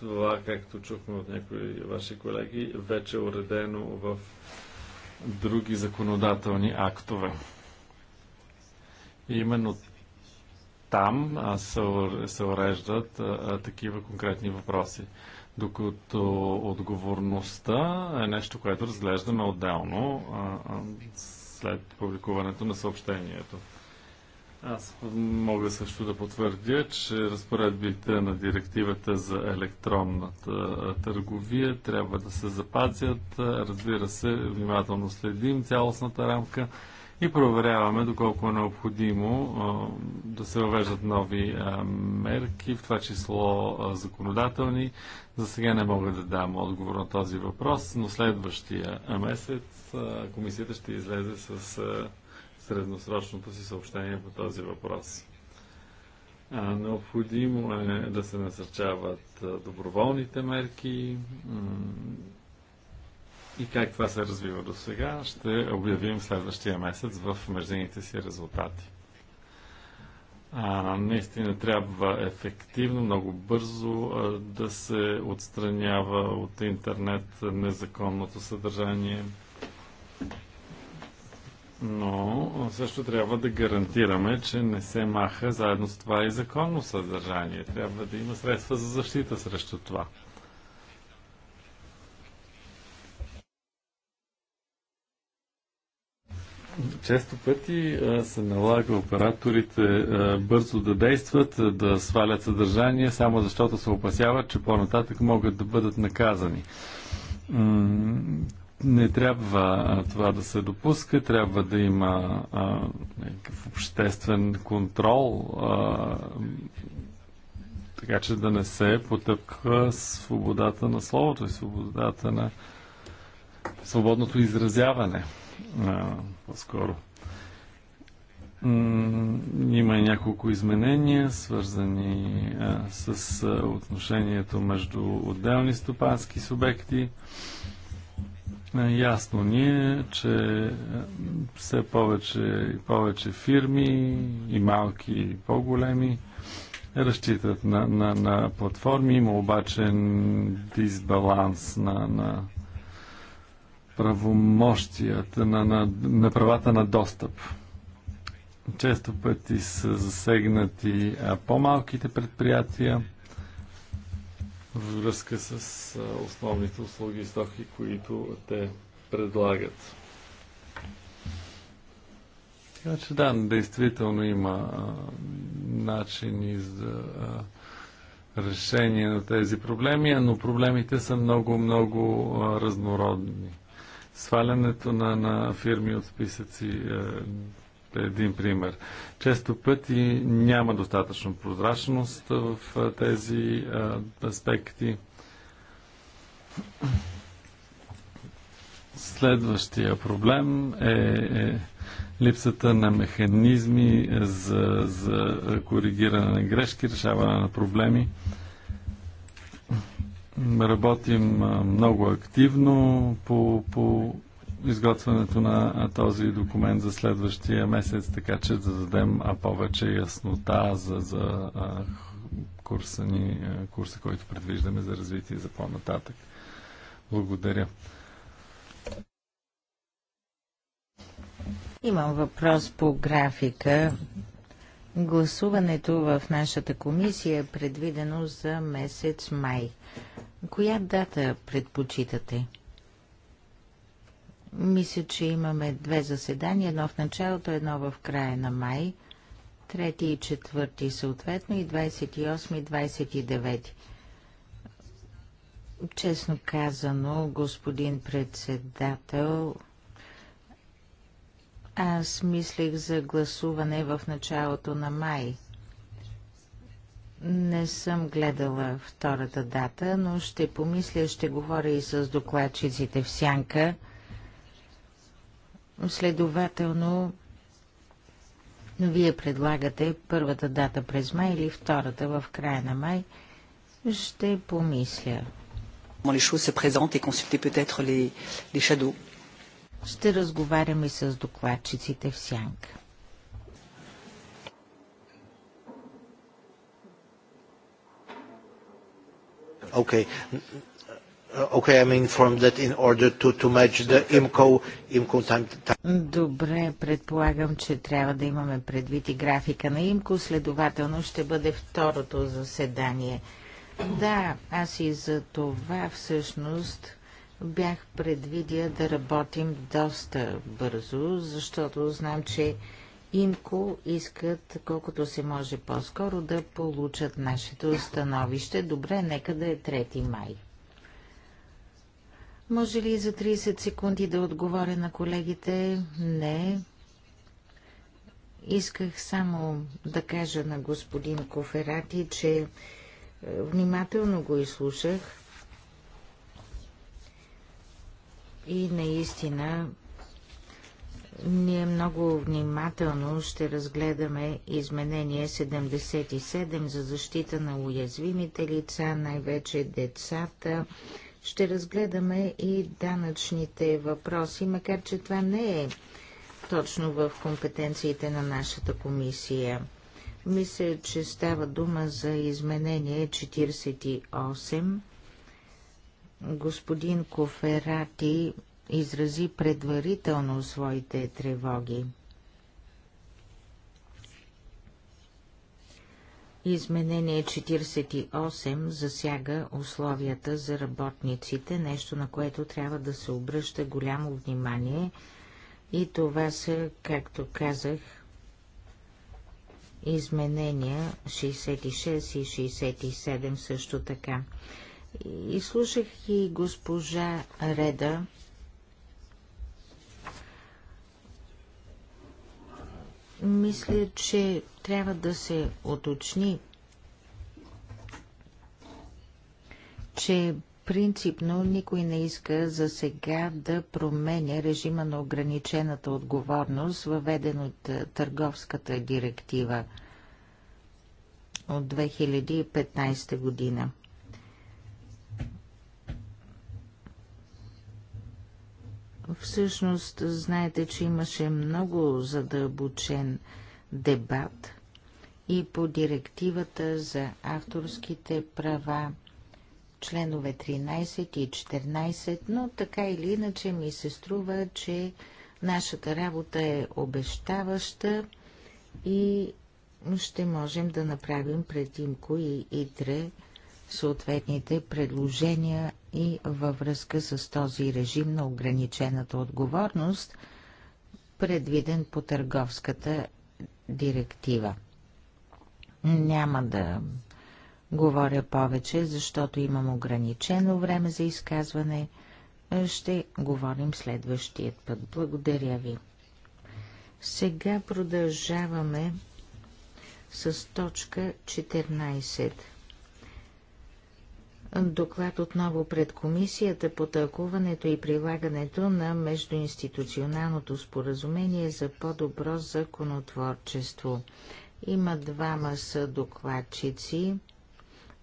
това, както чухме от някои ваши колеги, вече е уредено в други законодателни актове. И именно там се уреждат такива конкретни въпроси. Докато отговорността е нещо, което разглеждаме отделно а, а, след публикуването на съобщението. Аз мога също да потвърдя, че разпоредбите на директивата за електронната търговия трябва да се запазят. Разбира се, внимателно следим цялостната рамка и проверяваме доколко е необходимо да се въвеждат нови мерки, в това число законодателни. За сега не мога да дам отговор на този въпрос, но следващия месец комисията ще излезе с средносрочното си съобщение по този въпрос. Необходимо е да се насърчават доброволните мерки, и как това се развива до сега, ще обявим следващия месец в междините си резултати. А, наистина трябва ефективно, много бързо а, да се отстранява от интернет незаконното съдържание. Но също трябва да гарантираме, че не се маха заедно с това и законно съдържание. Трябва да има средства за защита срещу това. Често пъти се налага операторите бързо да действат, да свалят съдържание, само защото се опасяват, че по-нататък могат да бъдат наказани не трябва това да се допуска, трябва да има а, някакъв обществен контрол, а, така че да не се потъпка свободата на словото и свободата на свободното изразяване по-скоро. Има и няколко изменения, свързани а, с а, отношението между отделни стопански субекти. А, ясно ни е, че все повече и повече фирми, и малки, и по-големи, разчитат на, на, на платформи. Има обаче дисбаланс на, на правомощията, на, на, на правата на достъп. Често пъти са засегнати по-малките предприятия връзка с основните услуги и стоки, които те предлагат. Така че да, действително има а, начини за а, решение на тези проблеми, но проблемите са много-много разнородни. Свалянето на, на фирми от списъци е, е един пример. Често пъти няма достатъчно прозрачност в е, тези е, аспекти. Следващия проблем е, е липсата на механизми за, за коригиране на грешки, решаване на проблеми. Работим много активно по, по изготвянето на този документ за следващия месец, така че да дадем повече яснота за, за курса, ни, курса, който предвиждаме за развитие за по-нататък. Благодаря. Имам въпрос по графика. Гласуването в нашата комисия е предвидено за месец май. Коя дата предпочитате? Мисля, че имаме две заседания, едно в началото, едно в края на май, трети и четвърти съответно и 28 и 29. Честно казано, господин председател, аз мислех за гласуване в началото на май. Не съм гледала втората дата, но ще помисля, ще говоря и с докладчиците в сянка. Следователно, вие предлагате първата дата през май или втората в края на май. Ще помисля. Ще разговарям и с докладчиците в сянка. Okay. Okay, I mean informed that in order to, match the IMCO, time, Добре, предполагам, че трябва да имаме предвид и графика на IMCO, следователно ще бъде второто заседание. Да, аз и за това всъщност бях предвидя да работим доста бързо, защото знам, че Инко искат колкото се може по-скоро да получат нашето становище. Добре, нека да е 3 май. Може ли за 30 секунди да отговоря на колегите? Не. Исках само да кажа на господин Коферати, че е, внимателно го изслушах и наистина ние много внимателно ще разгледаме изменение 77 за защита на уязвимите лица, най-вече децата. Ще разгледаме и данъчните въпроси, макар че това не е точно в компетенциите на нашата комисия. Мисля, че става дума за изменение 48. Господин Коферати изрази предварително своите тревоги. Изменение 48 засяга условията за работниците, нещо на което трябва да се обръща голямо внимание и това са, както казах, изменения 66 и 67 също така. И слушах и госпожа Реда, Мисля, че трябва да се оточни, че принципно никой не иска за сега да променя режима на ограничената отговорност, въведен от е, Търговската директива от 2015 година. Всъщност, знаете, че имаше много задълбочен дебат и по директивата за авторските права, членове 13 и 14, но така или иначе ми се струва, че нашата работа е обещаваща и ще можем да направим пред Имко и тре съответните предложения и във връзка с този режим на ограничената отговорност, предвиден по търговската директива. Няма да говоря повече, защото имам ограничено време за изказване. Ще говорим следващият път. Благодаря ви. Сега продължаваме с точка 14 доклад отново пред Комисията по тълкуването и прилагането на Междуинституционалното споразумение за по-добро законотворчество. Има двама са докладчици,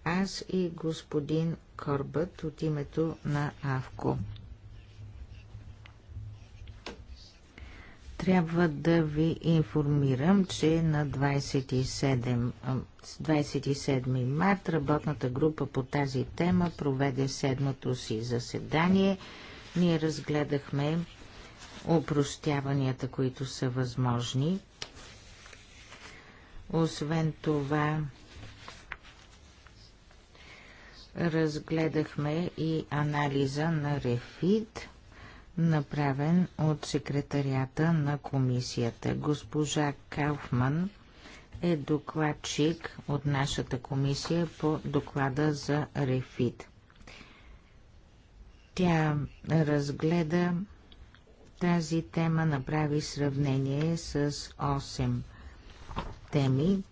аз и господин Корбът от името на АВКО. Трябва да ви информирам, че на 27, 27 март работната група по тази тема проведе седмото си заседание. Ние разгледахме упростяванията, които са възможни. Освен това, разгледахме и анализа на Рефит – направен от секретарията на комисията. Госпожа Кауфман е докладчик от нашата комисия по доклада за Рефит. Тя разгледа тази тема, направи сравнение с 8 теми,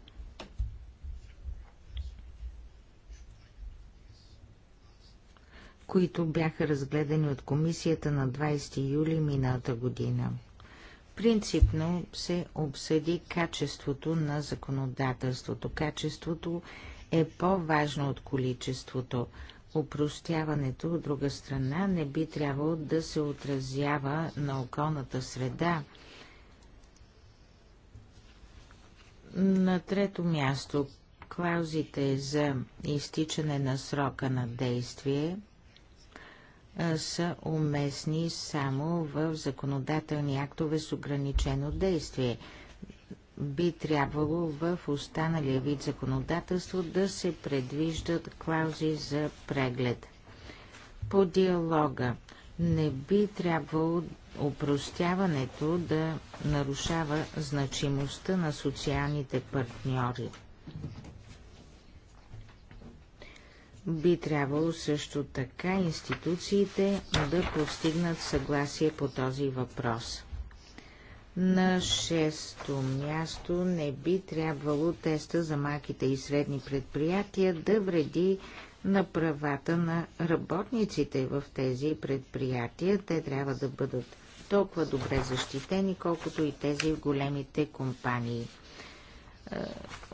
които бяха разгледани от комисията на 20 юли миналата година. Принципно се обсъди качеството на законодателството. Качеството е по-важно от количеството. Опростяването, от друга страна, не би трябвало да се отразява на околната среда. На трето място, клаузите за изтичане на срока на действие – са уместни само в законодателни актове с ограничено действие. Би трябвало в останалия вид законодателство да се предвиждат клаузи за преглед. По диалога не би трябвало упростяването да нарушава значимостта на социалните партньори. Би трябвало също така институциите да постигнат съгласие по този въпрос. На шесто място не би трябвало теста за малките и средни предприятия да вреди на правата на работниците в тези предприятия. Те трябва да бъдат толкова добре защитени, колкото и тези в големите компании – е,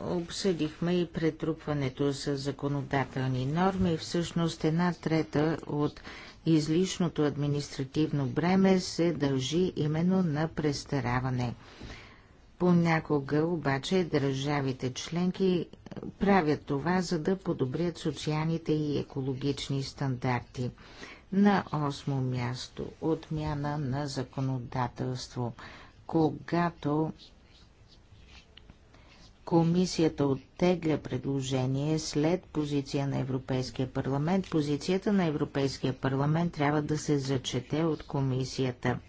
обсъдихме и претрупването с законодателни норми. Всъщност една трета от излишното административно бреме се дължи именно на престараване. Понякога обаче държавите членки правят това, за да подобрят социалните и екологични стандарти. На осмо място – отмяна на законодателство. Когато Комисията оттегля предложение след позиция на Европейския парламент. Позицията на Европейския парламент трябва да се зачете от комисията.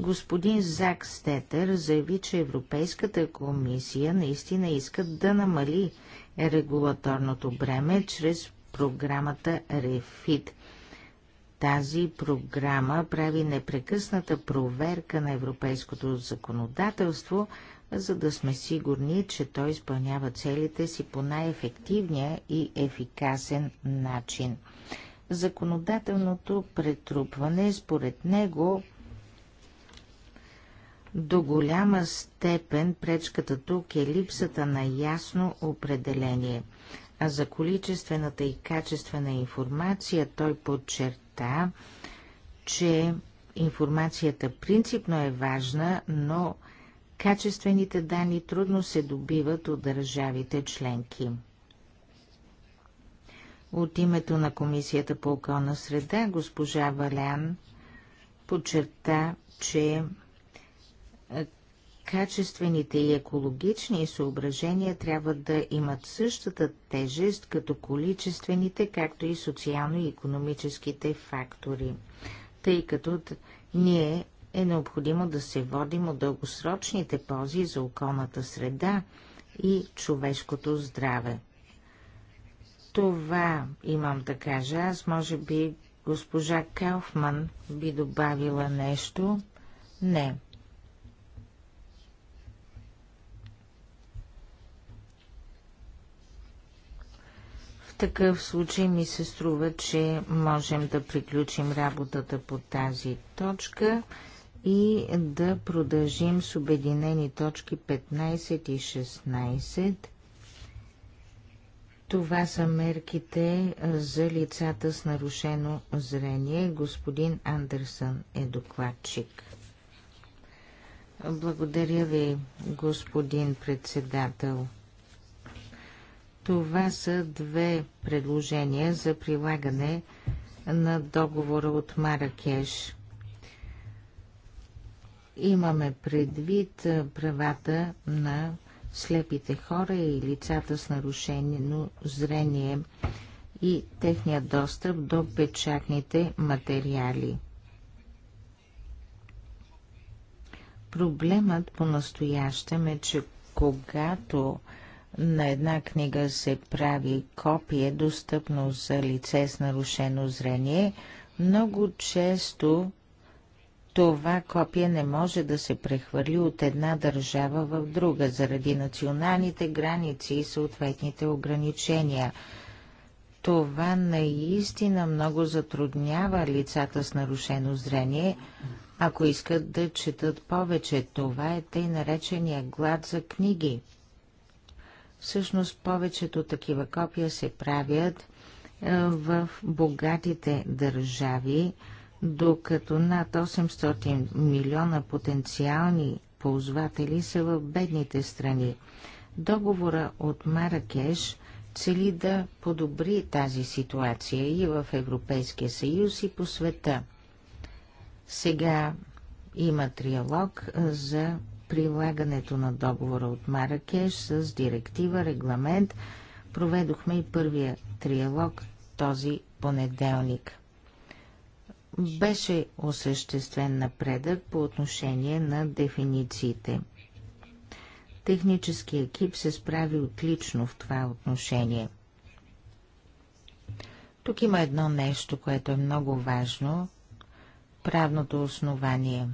Господин Зак Стетер заяви, че Европейската комисия наистина иска да намали регулаторното бреме чрез програмата РЕФИТ. Тази програма прави непрекъсната проверка на европейското законодателство, за да сме сигурни, че той изпълнява целите си по най-ефективния и ефикасен начин. Законодателното претрупване, според него, до голяма степен пречката тук е липсата на ясно определение, а за количествената и качествена информация той подчерта, че информацията принципно е важна, но Качествените данни трудно се добиват от държавите членки. От името на Комисията по околна среда госпожа Валян подчерта, че качествените и екологични съображения трябва да имат същата тежест като количествените, както и социално-економическите фактори, тъй като ние е необходимо да се водим от дългосрочните пози за околната среда и човешкото здраве. Това имам да кажа. Аз може би госпожа Кауфман би добавила нещо. Не. В такъв случай ми се струва, че можем да приключим работата по тази точка и да продължим с обединени точки 15 и 16. Това са мерките за лицата с нарушено зрение. Господин Андерсън е докладчик. Благодаря ви, господин председател. Това са две предложения за прилагане на договора от Маракеш – Имаме предвид правата на слепите хора и лицата с нарушено зрение и техния достъп до печатните материали. Проблемът по-настоящем е, че когато на една книга се прави копие, достъпно за лице с нарушено зрение, много често това копие не може да се прехвърли от една държава в друга заради националните граници и съответните ограничения. Това наистина много затруднява лицата с нарушено зрение, ако искат да четат повече. Това е тъй наречения глад за книги. Всъщност повечето такива копия се правят в богатите държави, докато над 800 милиона потенциални ползватели са в бедните страни. Договора от Маракеш цели да подобри тази ситуация и в Европейския съюз и по света. Сега има триалог за прилагането на договора от Маракеш с директива, регламент. Проведохме и първия триалог този понеделник. Беше осъществен напредък по отношение на дефинициите. Технически екип се справи отлично в това отношение. Тук има едно нещо, което е много важно – правното основание.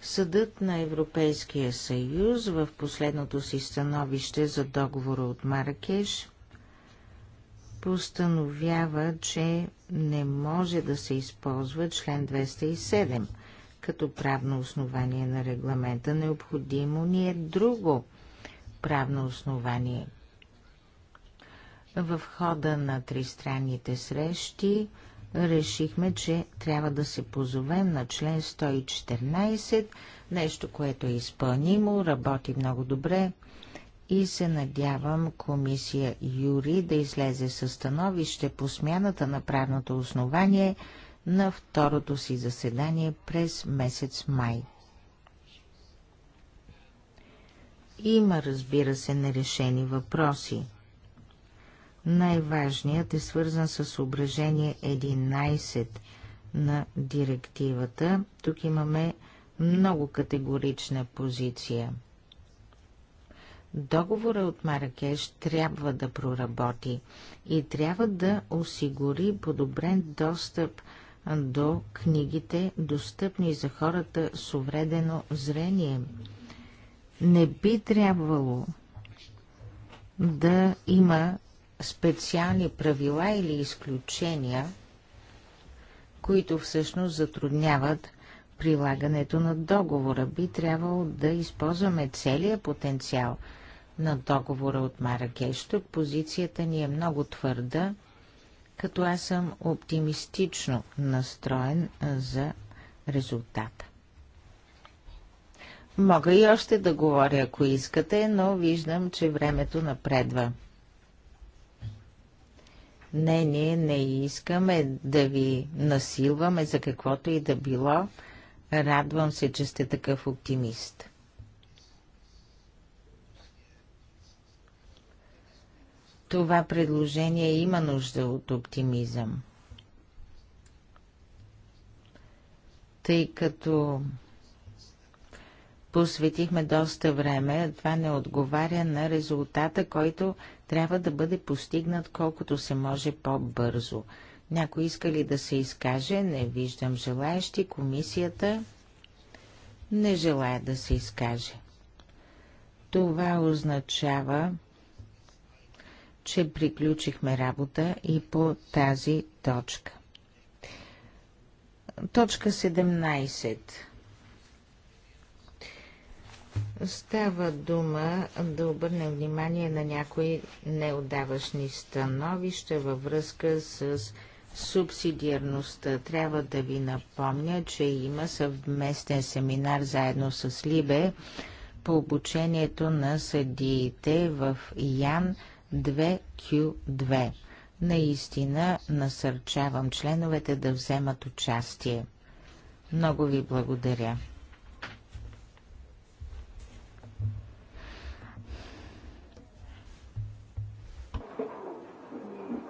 Съдът на Европейския съюз в последното си становище за договора от Маракеш – постановява, че не може да се използва член 207 като правно основание на регламента. Необходимо ни е друго правно основание. В хода на тристранните срещи решихме, че трябва да се позовем на член 114, нещо, което е изпълнимо, работи много добре и се надявам комисия Юри да излезе със становище по смяната на правното основание на второто си заседание през месец май. Има, разбира се, нерешени въпроси. Най-важният е свързан с ображение 11 на директивата. Тук имаме много категорична позиция – Договора от Маракеш трябва да проработи и трябва да осигури подобрен достъп до книгите, достъпни за хората с увредено зрение. Не би трябвало да има специални правила или изключения, които всъщност затрудняват прилагането на договора. Би трябвало да използваме целия потенциал – на договора от Маракеш. Тук позицията ни е много твърда, като аз съм оптимистично настроен за резултата. Мога и още да говоря, ако искате, но виждам, че времето напредва. Не, ние не искаме да ви насилваме за каквото и да било. Радвам се, че сте такъв оптимист. това предложение има нужда от оптимизъм. Тъй като посветихме доста време, това не отговаря на резултата, който трябва да бъде постигнат колкото се може по-бързо. Някой иска ли да се изкаже? Не виждам желаящи. Комисията не желая да се изкаже. Това означава, че приключихме работа и по тази точка. Точка 17. Става дума да обърнем внимание на някои неодавашни становища във връзка с субсидиарността. Трябва да ви напомня, че има съвместен семинар заедно с Либе по обучението на съдиите в Ян – 2Q2. Наистина насърчавам членовете да вземат участие. Много ви благодаря.